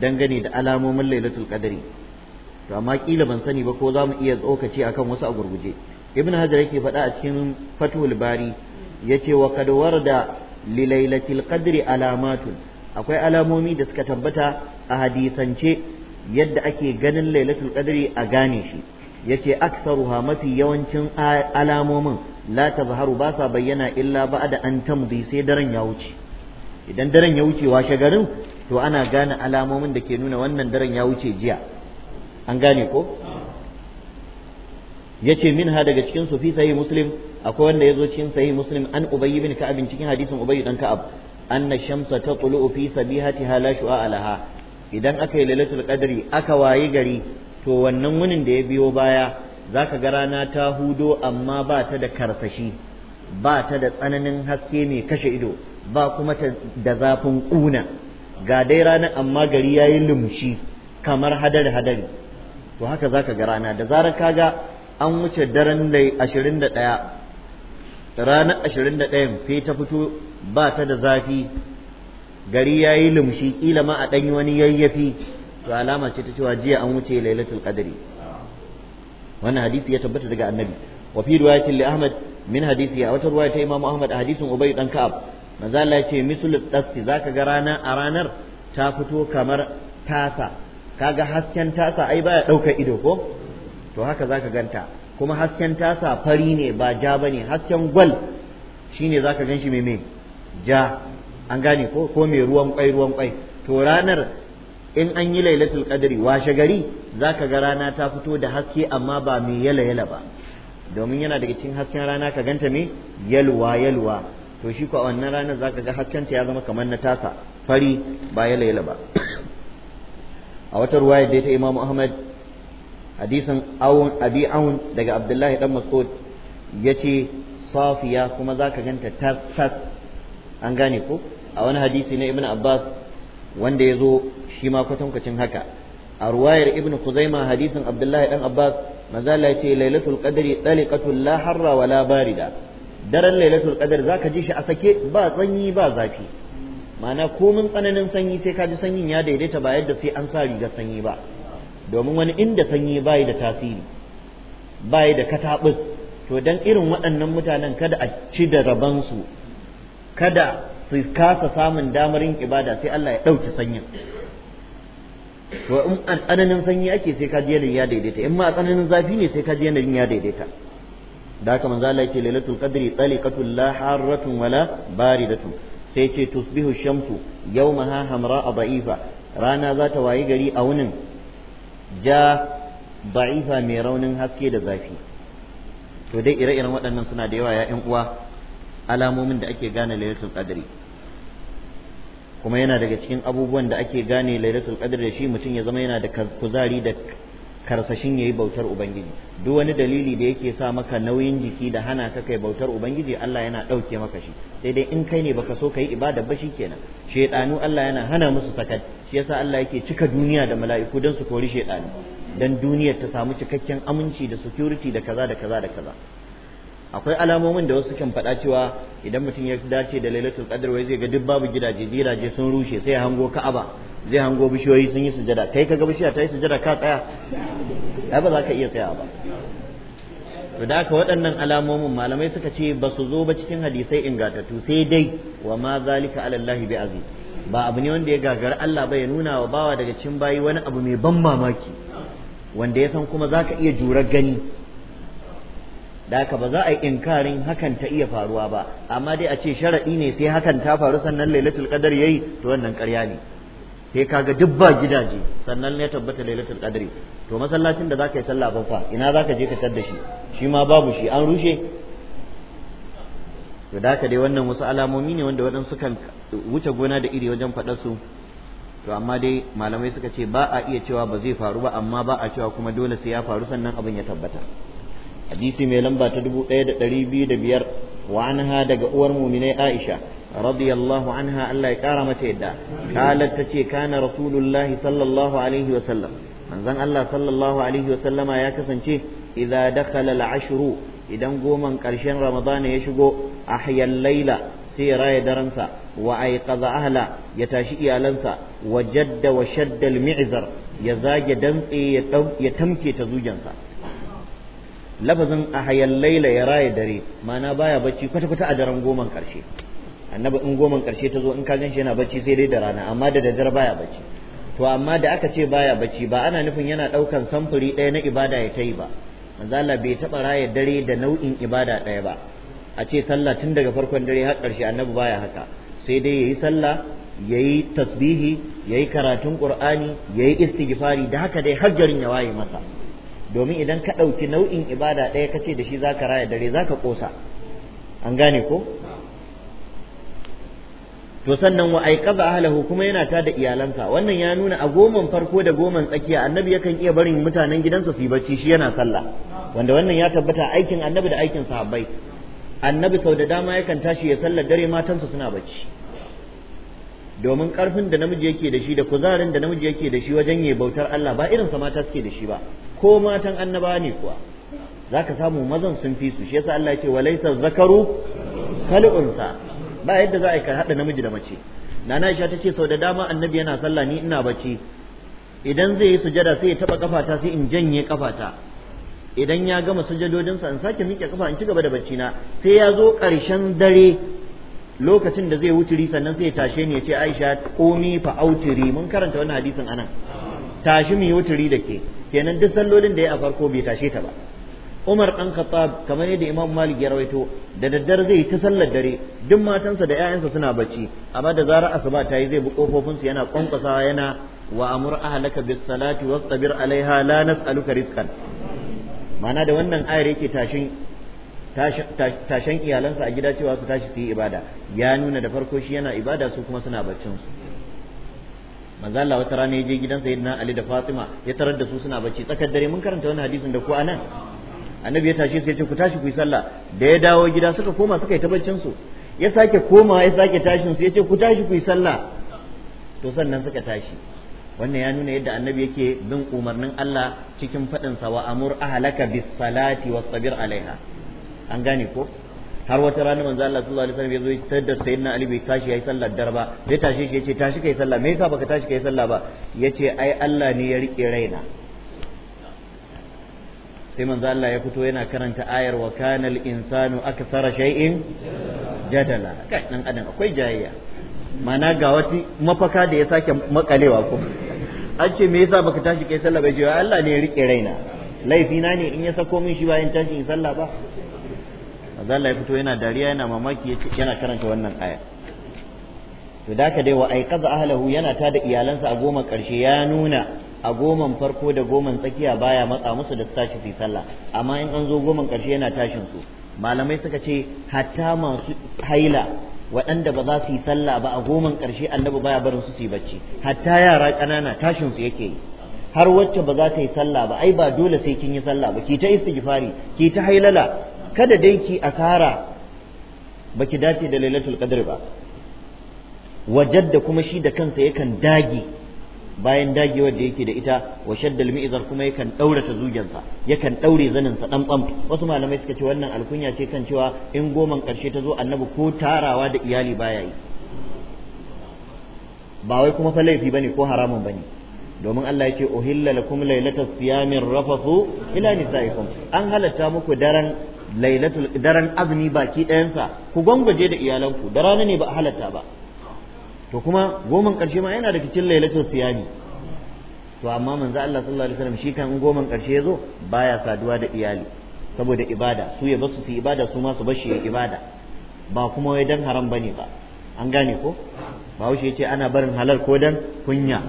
dangane da alamomin lailatul qadri to amma kila ban sani ba ko za mu iya tsokaci akan wasu a gurguje ibn hajar yake faɗa a cikin fatul bari yace wa kad da. lilailatil qadri alamatun akwai alamomi da suka tabbata a hadisance yadda ake ganin lailatul qadri a gane shi yace aksaruha mafi yawancin alamomin la tazharu ba sa bayyana illa ba'da an tamdi sai daren ya wuce idan daren ya wuce washe garin to ana gane alamomin da ke nuna wannan daren ya wuce jiya an gane ko yace minha daga cikin su fi sahih muslim akwai wanda yazo cikin sahih muslim an ubay ibn ka'ab cikin hadisin ubay dan ka'ab anna shamsa taqulu fi sabihatiha la shu'a laha idan aka yi lailatul qadri aka wayi gari to wannan wunin da ya biyo baya zaka ga rana ta hudo amma ba ta da karsashi ba ta da tsananin haske mai kashe ido ba kuma da zafin kuna ga dai ranar amma gari yayi lumshi kamar hadari hadari to haka zaka ga rana da zarar kaga an wuce daren da 21 ranar ashirin da ɗayan sai ta fito ba ta da zafi gari ya yi lumshi ƙila ma a ɗanyi wani yayyafi to alama ce ta cewa jiya an wuce lailatul qadri wannan hadisi ya tabbata daga annabi wa fi riwayatin li ahmad min hadisi a wata riwaya ta imamu ahmad a hadisin ubay dan ka'ab manzo Allah ya ce mislut tasfi zaka ga rana a ranar ta fito kamar tasa kaga hasken tasa ai baya ɗaukar ido ko to haka zaka ganta kuma hasken tasa fari ne ba ja ba ne hasken gwal shi za ka gan shi mai ja an gane ko mai ruwan kwai ruwan kwai to ranar in an yi lailatul qadri washe gari zaka ga rana ta fito da haske amma ba mai yala yala ba domin yana daga cikin hasken rana ka ganta mai yalwa yalwa to shi ko wannan ranar zaka ga ta ya zama kamar na tasa fari ba yala yala ba a wata ruwaya da ta imamu Ahmad hadisin awun abi awun daga abdullahi dan mas'ud ce safiya kuma zaka ganta tas an gane ko a wani hadisi na ibn abbas wanda ya zo shima ma kwatankwacin haka a ruwayar ibn kuzaima hadisin abdullahi ɗan abbas mazala ya ce lailatul qadri daliqatul la harra wa la barida daren lailatul qadr zaka ji shi a sake ba tsanyi ba zafi ma'ana komin tsananin sanyi sai ka ji sanyin ya daidaita ba yadda sai an sa rigar sanyi ba domin wani inda sanyi bayi da tasiri bayi da katabus to dan irin waɗannan mutanen kada a ci da rabansu kada su kasa samun damar yin ibada sai Allah ya ɗauki sanyin to in a tsananin sanyi ake sai ka ji yanayin ya daidaita in ma a tsananin zafi ne sai ka ji yanayin ya daidaita da haka manzo Allah yake lailatul qadri taliqatul la haratun wala baridatun sai ce tusbihu shamsu yawmaha hamra da'ifa rana za ta wayi gari a wunin ja ba'ifa mai raunin haske da zafi to dai ire-iren waɗannan suna da yawa ya'yan uwa alamomin da ake gane lailatul qadri kuma yana daga cikin abubuwan da ake gane lailatul qadri da shi mutum ya zama yana da kuzari da karsashin yayi bautar ubangiji duk wani dalili da yake sa maka nauyin jiki da hana ka kai bautar ubangiji Allah yana ɗauke maka shi sai dai in kai ne baka so kai ibada ba kenan shedanu Allah yana hana musu sakat shi yasa Allah yake cika duniya da mala'iku don su kori shaidani dan duniya ta samu cikakken aminci da security da kaza da kaza da kaza akwai alamomin da wasu kan faɗa cewa idan mutum ya dace da lailatul qadr wai zai ga duk babu gidaje gidaje sun rushe sai ya hango ka'aba zai hango bishiyoyi sun yi sujada kai kaga bishiya ta yi sujada ka tsaya ai ba za ka iya tsaya ba to da waɗannan alamomin malamai suka ce ba su zo ba cikin hadisai ingantattu sai dai wa ma zalika alallahi bi aziz ba abu ne wanda ya gagara Allah ba ya nuna wa bawa daga cin bayi wani abu mai ban mamaki wanda ya san kuma za ka iya jura gani da haka ba za a yi inkarin hakan ta iya faruwa ba amma dai a ce sharaɗi ne sai hakan ta faru sannan lailatul qadar yayi to wannan ƙarya ne sai kaga duk ba gidaje sannan ya tabbata lailatul Qadar to masallacin da zaka yi sallah ba fa ina ka je ka tar da shi shi ma babu shi an rushe to da ka dai wannan wasu alamomi ne wanda wadansu kan wuce gona da iri wajen faɗa su to amma dai malamai suka ce ba a iya cewa ba zai faru ba amma ba a cewa kuma dole sai ya faru sannan abin ya tabbata hadisi mai lamba ta dubu ɗaya da ɗari biyu da biyar wa anha daga uwar muminai aisha radiyallahu anha Allah ya kara mata yadda kalat ta ce kana rasulullahi sallallahu alaihi wa sallam manzon Allah sallallahu alaihi wa ya kasance idza dakhala al-ashru idan goman karshen ramadana ya shigo ahyal laila sai ya raya daransa wa aiqaza ahla ya tashi iyalansa wa jadda wa shadda al-mi'zar ya zage dantse ya tamke ta zujansa lafazin ahayal laila ya raya dare mana baya bacci kwata kwata a daren goman karshe annabi in goman karshe ta zo in ka ganshi yana bacci sai dai da rana amma da daddare baya bacci to amma da aka ce baya bacci ba ana nufin yana daukan samfuri ɗaya na ibada ya ta yi ba manzo bai taɓa raya dare da nau'in ibada ɗaya ba a ce sallah tun daga farkon dare har ƙarshe annabi baya haka sai dai yayi sallah yayi tasbihi yayi karatun qur'ani yayi istighfari da haka dai har hajjarin ya waye masa domin idan ka ɗauki nau'in ibada ɗaya kace da shi zaka raya dare zaka ƙosa an gane ko to sannan wa aiqaza ahlahu kuma yana ta da iyalansa wannan ya nuna a goman farko da goman tsakiya annabi yakan iya barin mutanen gidansa su yi bacci shi yana sallah wanda wannan ya tabbata aikin annabi da aikin sahabbai annabi sau da dama yakan tashi ya sallar dare matansa suna bacci domin karfin da namiji yake da shi da kuzarin da namiji yake da shi wajen yi bautar Allah ba irin sa mata suke da shi ba ko matan annaba ne kuwa zaka samu mazan sun fi su shi yasa Allah ya ce walaysa zakaru kal'unsa ba yadda za a ka haɗa namiji da mace na Aisha ta ce sau da dama annabi yana sallah ni ina bacci idan zai yi sujada sai ya taba kafata sai in janye kafata idan ya gama sujadodinsa in sake miƙe kafa in ci gaba da bacci na sai ya zo ƙarshen dare lokacin da zai wuturi sannan sai ya tashe ni ya ce Aisha komi fa autiri mun karanta wannan hadisin anan tashi mu yi wuturi da ke kenan duk sallolin da ya a farko bai tashe ta ba Umar ɗan Khattab kamar yadda Imam Malik ya rawaito da daddare zai ta sallar dare duk matansa da ƴaƴansa suna bacci amma da zarar asuba ta yi zai bi kofofin su yana kwankwasawa yana wa amur ahlaka bis salati wastabir alaiha la nas'aluka rizqan ma'ana da wannan ayar yake tashin tashen iyalansa a gida cewa su tashi su yi ibada ya nuna da farko shi yana ibada su kuma suna baccin su wata rana ya je gidan sayyidina Ali da Fatima ya tarar da su suna bacci tsakar dare mun karanta wannan hadisin da ku anan annabi ya tashi sai ya ce ku tashi ku yi sallah da ya dawo gida suka koma suka yi tabbacin su ya sake komawa ya sake tashin su ya ce ku tashi ku yi sallah to sannan suka tashi wannan ya nuna yadda annabi yake bin umarnin Allah cikin faɗin sa wa amur ahlaka bis salati wasbir alaiha an gane ko har wata rana manzo Allah sallallahu alaihi wasallam ya zo ya tada sayyidina Ali bai tashi yayi sallar darba sai tashi shi yace tashi kai sallah me yasa baka tashi kai sallah ba yace ai Allah ne ya rike raina sai manzo Allah ya fito yana karanta ayar wa kana al-insanu akthara shay'in jadala kai dan adam akwai jayayya mana ga wata mafaka da ya sake makalewa ko an ce me yasa baka tashi kai sallah ba A Allah ne ya rike raina laifi na ne in ya sako min shi bayan tashi in sallah ba manzo Allah ya fito yana dariya yana mamaki yace yana karanta wannan aya to da ka dai wa aiqaza ahlahu yana tada iyalansa a goma karshe ya nuna a goman farko da goman tsakiya baya matsa musu da su tashi su sallah amma in an zo goman ƙarshe yana tashin su malamai suka ce hatta masu haila waɗanda ba za su yi sallah ba a goman ƙarshe annabi baya barin su su yi bacci hatta yara ƙanana tashin su yake yi har wacce ba za ta yi sallah ba ai ba dole sai kin yi sallah ba ki ta istighfari ki ta hailala kada dai ki asara baki dace da lailatul qadr ba da kuma shi da kansa yakan dage bayan dagewar da yake da ita wa shaddal mi'izar kuma yakan daura ta sa yakan daure sa dan bam wasu malamai suka ce wannan alkunya ce kan cewa in goman karshe ta zo annabi ko tarawa da iyali baya yi ba wai kuma fa laifi bane ko haramun bane domin Allah yake uhilla lakum lailatas siyamir rafathu ila nisaikum an halatta muku daren lailatul daren azumi baki ɗayansa ku gwangwaje da iyalanku da rana ne ba halatta ba to kuma goman ƙarshe ma yana da cikin lailatul siyami to amma manzo Allah sallallahu alaihi wasallam shi kan goman ƙarshe yazo baya saduwa da iyali saboda ibada su ya basu su ibada su ma su bashi ya ibada ba kuma wai dan haram bane ba an gane ko ba wuce yace ana barin halal ko dan kunya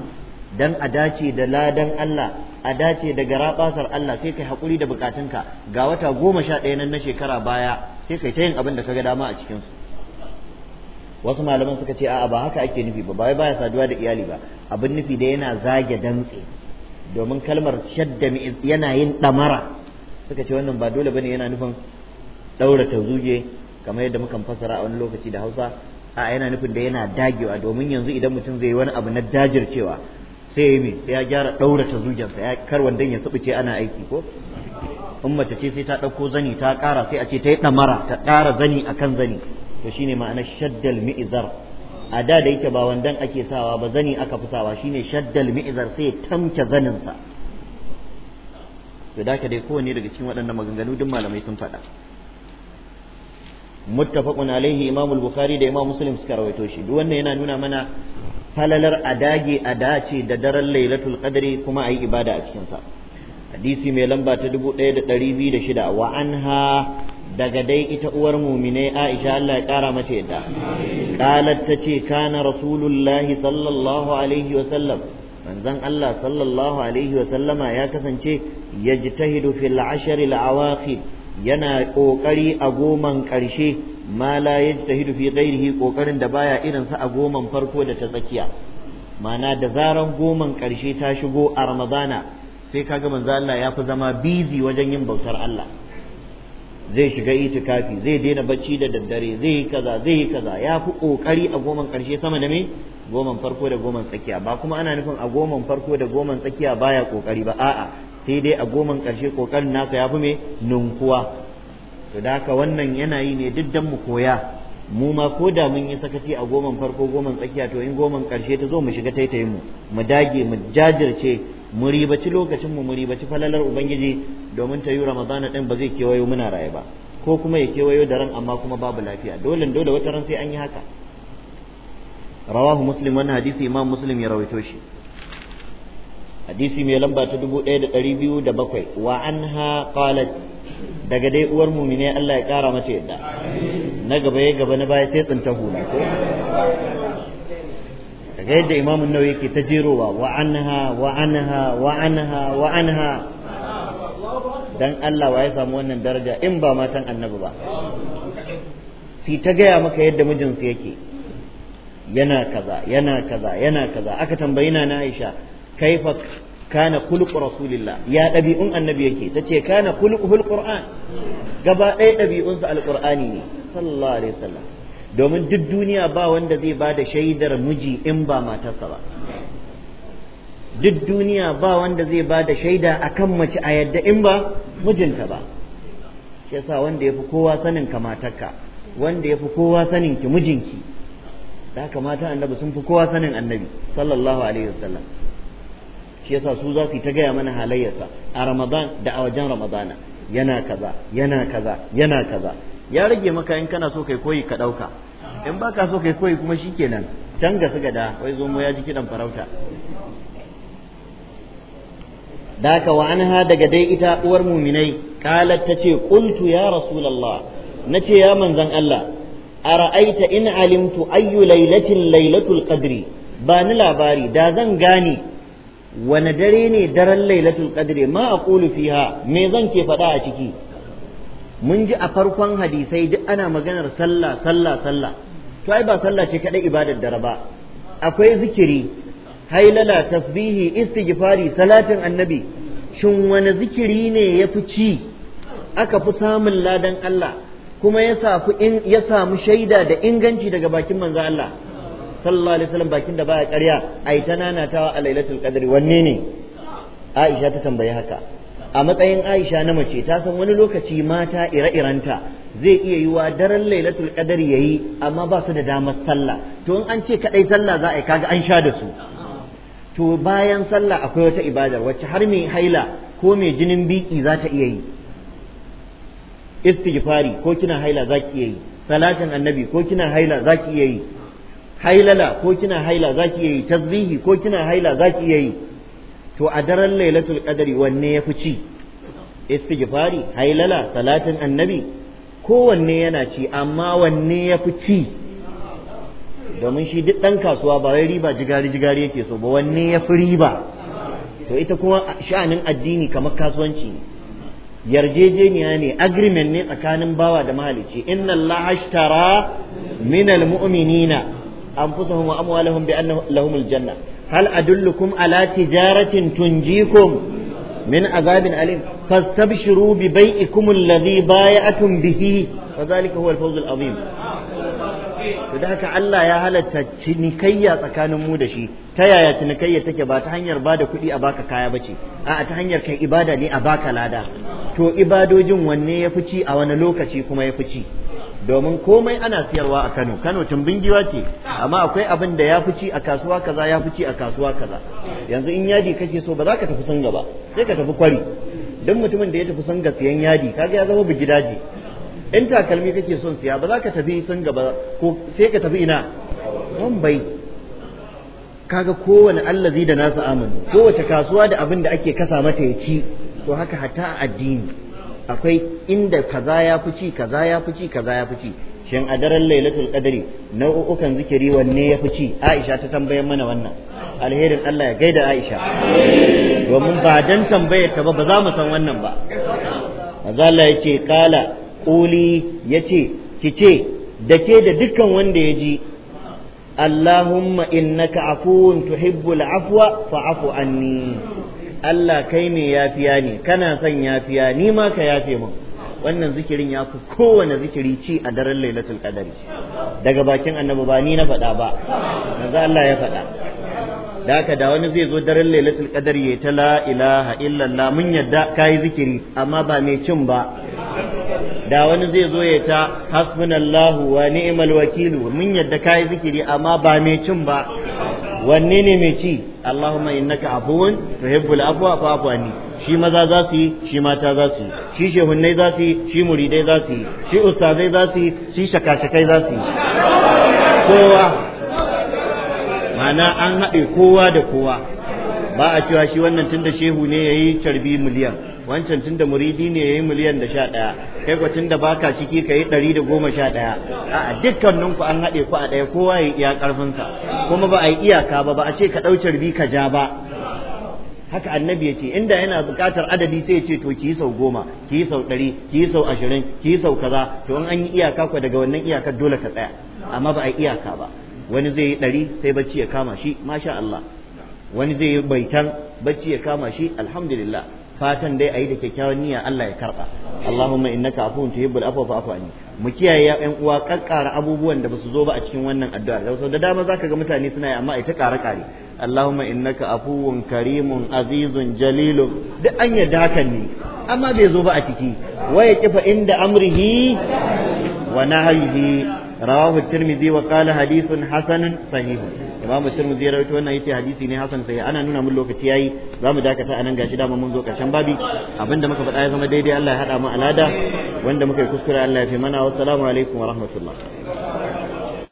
dan a dace da ladan Allah a dace da garabasar Allah sai kai hakuri da bukatunka ga wata goma sha ɗaya nan na shekara baya sai kai ta yin abin da kaga dama a cikinsu wasu malaman suka ce a'a ba haka ake nufi ba bai baya saduwa da iyali ba abin nufi da yana zage dantse domin kalmar shadda yana yin damara suka ce wannan ba dole bane yana nufin daura tauzuje kamar yadda mukan fassara a wani lokaci da Hausa a yana nufin da yana dagewa domin yanzu idan mutum zai yi wani abu na dajircewa sai ya yi sai ya gyara daura sa ya kar wandan ya subuce ana aiki ko in mace ce sai ta ɗauko zani ta kara sai a ce ta yi ɗamara ta kara zani akan zani to shine ma'anar shaddal mi'izar a da da yake ba wandan ake sawa ba zani aka fi sawa shine shaddal mi'izar sai tamke zaninsa to da dai kowanne daga cikin waɗannan maganganu duk malamai sun faɗa muttafaqun alaihi imamul al-bukhari da imam muslim suka rawaito shi duk wannan yana nuna mana falalar a dage a dace da daren lailatul qadri kuma ayi ibada a cikin sa hadisi mai lamba ta 1206 wa anha daga dai ita uwar mumine Aisha Allah ya kara mata yadda qalat tace kana rasulullahi sallallahu alaihi wa sallam manzon Allah sallallahu alaihi wa sallama ya kasance yajtahidu fil ashr al awaqib yana kokari a goman karshe ma la yajtahidu fi ghairihi kokarin da baya irin sa a goman farko da ta tsakiya mana da zaran goman karshe ta shigo a ramadana sai kaga manzo Allah ya fi zama busy wajen yin bautar Allah zai shiga itikafi zai daina bacci da daddare zai yi kaza zai yi kaza ya fi kokari a goman karshe sama da me goman farko da goman tsakiya ba kuma ana nufin a goman farko da goman tsakiya baya kokari ba a'a sai dai a goman karshe kokarin naka ya fi me nunkuwa to da haka wannan yana yi ne duk dan mu koya mu ma ko da mun yi sakaci a goman farko goman tsakiya to in goman karshe ta zo mu shiga taitayin mu mu dage mu jajirce Muribaci ribaci lokacin mu mu falalar ubangiji domin ta yi ramadana din ba zai kewayo muna raye ba ko kuma ya kewayo da ran amma kuma babu lafiya dole dole wata ran sai an yi haka rawahu muslim wannan hadisi imam muslim ya rawaito shi hadisi mai lamba ta dubu ɗaya da ɗari biyu da bakwai wa anha qalat daga dai uwar mumine Allah ya kara mata yadda na gaba ya gaba na baya sai tsinta hula ko ga yadda imamu nawawi yake ta jerowa wa anha wa anha wa anha wa anha dan Allah wa ya samu wannan daraja in ba matan annabi ba si ta gaya maka yadda mijinsu yake yana kaza yana kaza yana kaza aka tambayi na Aisha kaifa kana khuluqu rasulillah ya dabi'un annabi yake tace kana khuluquhul qur'an gaba ɗaya dabi'unsa alqur'ani ne sallallahu alaihi wasallam domin duk duniya ba wanda zai ba da shaidar miji in ba matarsa ba duk duniya ba wanda zai ba da shaida akan mace a yadda in ba mijinta ba shi yasa wanda yafi kowa sanin ka matarka wanda yafi kowa sanin ki mijinki da haka mata annabi sun fi kowa sanin annabi sallallahu alaihi wasallam shi yasa su za su yi ta gaya mana halayyarsa a ramadan da a wajen ramadana yana kaza yana kaza yana kaza ya rage maka in kana so kai koyi ka ɗauka in ba ka so kai koyi kuma shi kenan can ga su gada wai zomo ya ji kiɗan farauta da wa anha daga dai ita uwar muminai kalat ta ce qultu ya rasulullah nace ya manzon Allah ara'aita in alimtu ayyu lailatin lailatul qadri ba ni labari da zan gane wani dare ne daren lailatul qadri ma aqulu fiha me zan ke faɗa a ciki mun ji a farkon hadisai duk ana maganar sallah sallah sallah to ai ba sallah ce kadai ibadar dare ba akwai zikiri hailala tasbihi istighfari salatin annabi shin wani zikiri ne ya fi ci aka fi samun ladan Allah kuma ya in ya samu shaida da inganci daga bakin manzo Allah sallallahu alaihi wasallam bakin da baya ƙarya ai ta nanatawa a lailatul qadri wanne ne Aisha ta tambayi haka a matsayin Aisha na mace ta san wani lokaci mata ire-irenta zai iya yiwa daren Lailatul Qadar yayi amma ba su da damar sallah to in an ce kadai sallah za a yi kaga an sha da su to bayan sallah akwai wata ibadar wacce har mai haila ko mai jinin biki za ta iya yi istighfari ko kina haila za ki iya yi salatin annabi ko kina haila za ki iya yi hailala ko kina haila za ki iya yi tasbihi ko kina haila za ki iya yi to a daren lailatul qadari wanne ya fi ci istighfari hailala salatin annabi kowanne yana ci amma wanne ya fi ci domin shi duk ɗan kasuwa ba wai riba jigari jigari yake so ba wanne ya fi riba to ita kuma sha'anin addini kamar kasuwanci ne yarjejeniya ne agreement ne tsakanin bawa da mahalici inna allaha ashtara min almu'minina anfusahum wa amwalahum bi anna lahumul janna hal adullukum ala tijaratin tunjikum min azabin alim fastabshiru bi bai alladhi bay'atum bihi fa zalika huwa al-fawz al-azim to da haka Allah ya halarta cinikayya tsakanin mu da shi ta yaya cinikayya take ba ta hanyar ba da kuɗi a baka kaya bace a ta hanyar kai ibada ne a baka lada to ibadojin wanne ya fi ci a wani lokaci kuma ya fi ci domin komai ana siyarwa a Kano Kano tumbingiwa ce amma akwai abin da ya fici a kasuwa kaza ya fici a kasuwa kaza yanzu in yadi kake so ba za ka tafi sanga ba sai ka tafi kwari duk mutumin da ya tafi sanga siyan yadi kaga ya zama bigidaji in takalmi kake son siya ba za ka tafi sanga ba ko sai ka tafi ina Mumbai kaga kowane allazi da nasa amanu kowace kasuwa da abin da ake kasa mata ya ci to haka hatta addini akwai inda kaza ya fi kaza ya fi kaza ya fi shin a daren lailatul qadri nau'ukan zikiri wanne ya fi ci Aisha ta tambayar mana wannan alherin Allah ya gaida Aisha domin ba dan tambaye ta ba ba za mu san wannan ba maza Allah yace kala quli yace kice da ke da dukkan wanda ya ji Allahumma innaka afuwun tuhibbul afwa fa'fu anni Allah kai me yafiya ne kana son yafiya ni ma ka yafe min wannan zikirin ya fi kowane zikiri ci a daren lailatul qadari daga bakin annabi ba ni na faɗa ba manzo Allah ya faɗa da haka da wani zai zo daren lailatul qadari ya ta la ilaha illallah mun yadda kai zikiri amma ba mai cin ba da wani zai zo ya ta hasbunallahu wa ni'mal Wakilu mun yadda kai zikiri amma ba mai cin ba wanne ne mai ci Allahumma innaka afuwun tuhibbul afwa fa'fu anni shi maza za su yi shi mata za su yi shi shehunnai za su yi shi muridai za su yi shi ustazai za su yi shi shakashakai za su yi kowa ma'ana an haɗe kowa da kowa ba a cewa shi wannan tunda shehu ne yayi carbi miliyan wancan tunda muridi ne ya yi miliyan da sha ɗaya kai ko tunda baka ciki kayi ɗari da goma sha ɗaya a'a dukkanin ku an haɗe ku a ɗaya kowa ya iya ƙarfinsa kuma ba a yi iyaka ba ba a ce ka ɗauce bi ka ja ba haka annabi ya ce inda yana buƙatar adadi sai ya ce to kiyi yi sau goma ki yi sau ɗari ki sau ashirin ki sau kaza to in an yi iyaka ko daga wannan iyakar dole ka tsaya amma ba a yi iyaka ba wani zai yi ɗari sai bacci ya kama shi masha Allah wani zai yi baitan bacci ya kama shi alhamdulillah fatan dai yi da kyakkyawan niyya Allah ya karɓa. Allahumma innaka afuwun tuhibbul afwa fa'fu anni mu kiyaye ya ƴan uwa kakkara abubuwan da basu zo ba a cikin wannan addua da sau da dama zaka ga mutane suna yi amma ta ƙara ƙare Allahumma innaka afuwun karimun azizun jalilun duk an yarda hakan ne amma bai zo ba a ciki waya kifa inda amrihi wa nahyihi rawahu tirmidhi wa hadisin hadithun hasanun sahih imam tirmidhi ya wannan yace hadisi ne hasan sai ana nuna mun lokaci yayi zamu dakata anan gashi dama mun zo karshen babi abinda muka faɗa ya zama daidai Allah ya hada mu alada wanda muka yi kuskure Allah ya fi mana wassalamu alaikum wa rahmatullah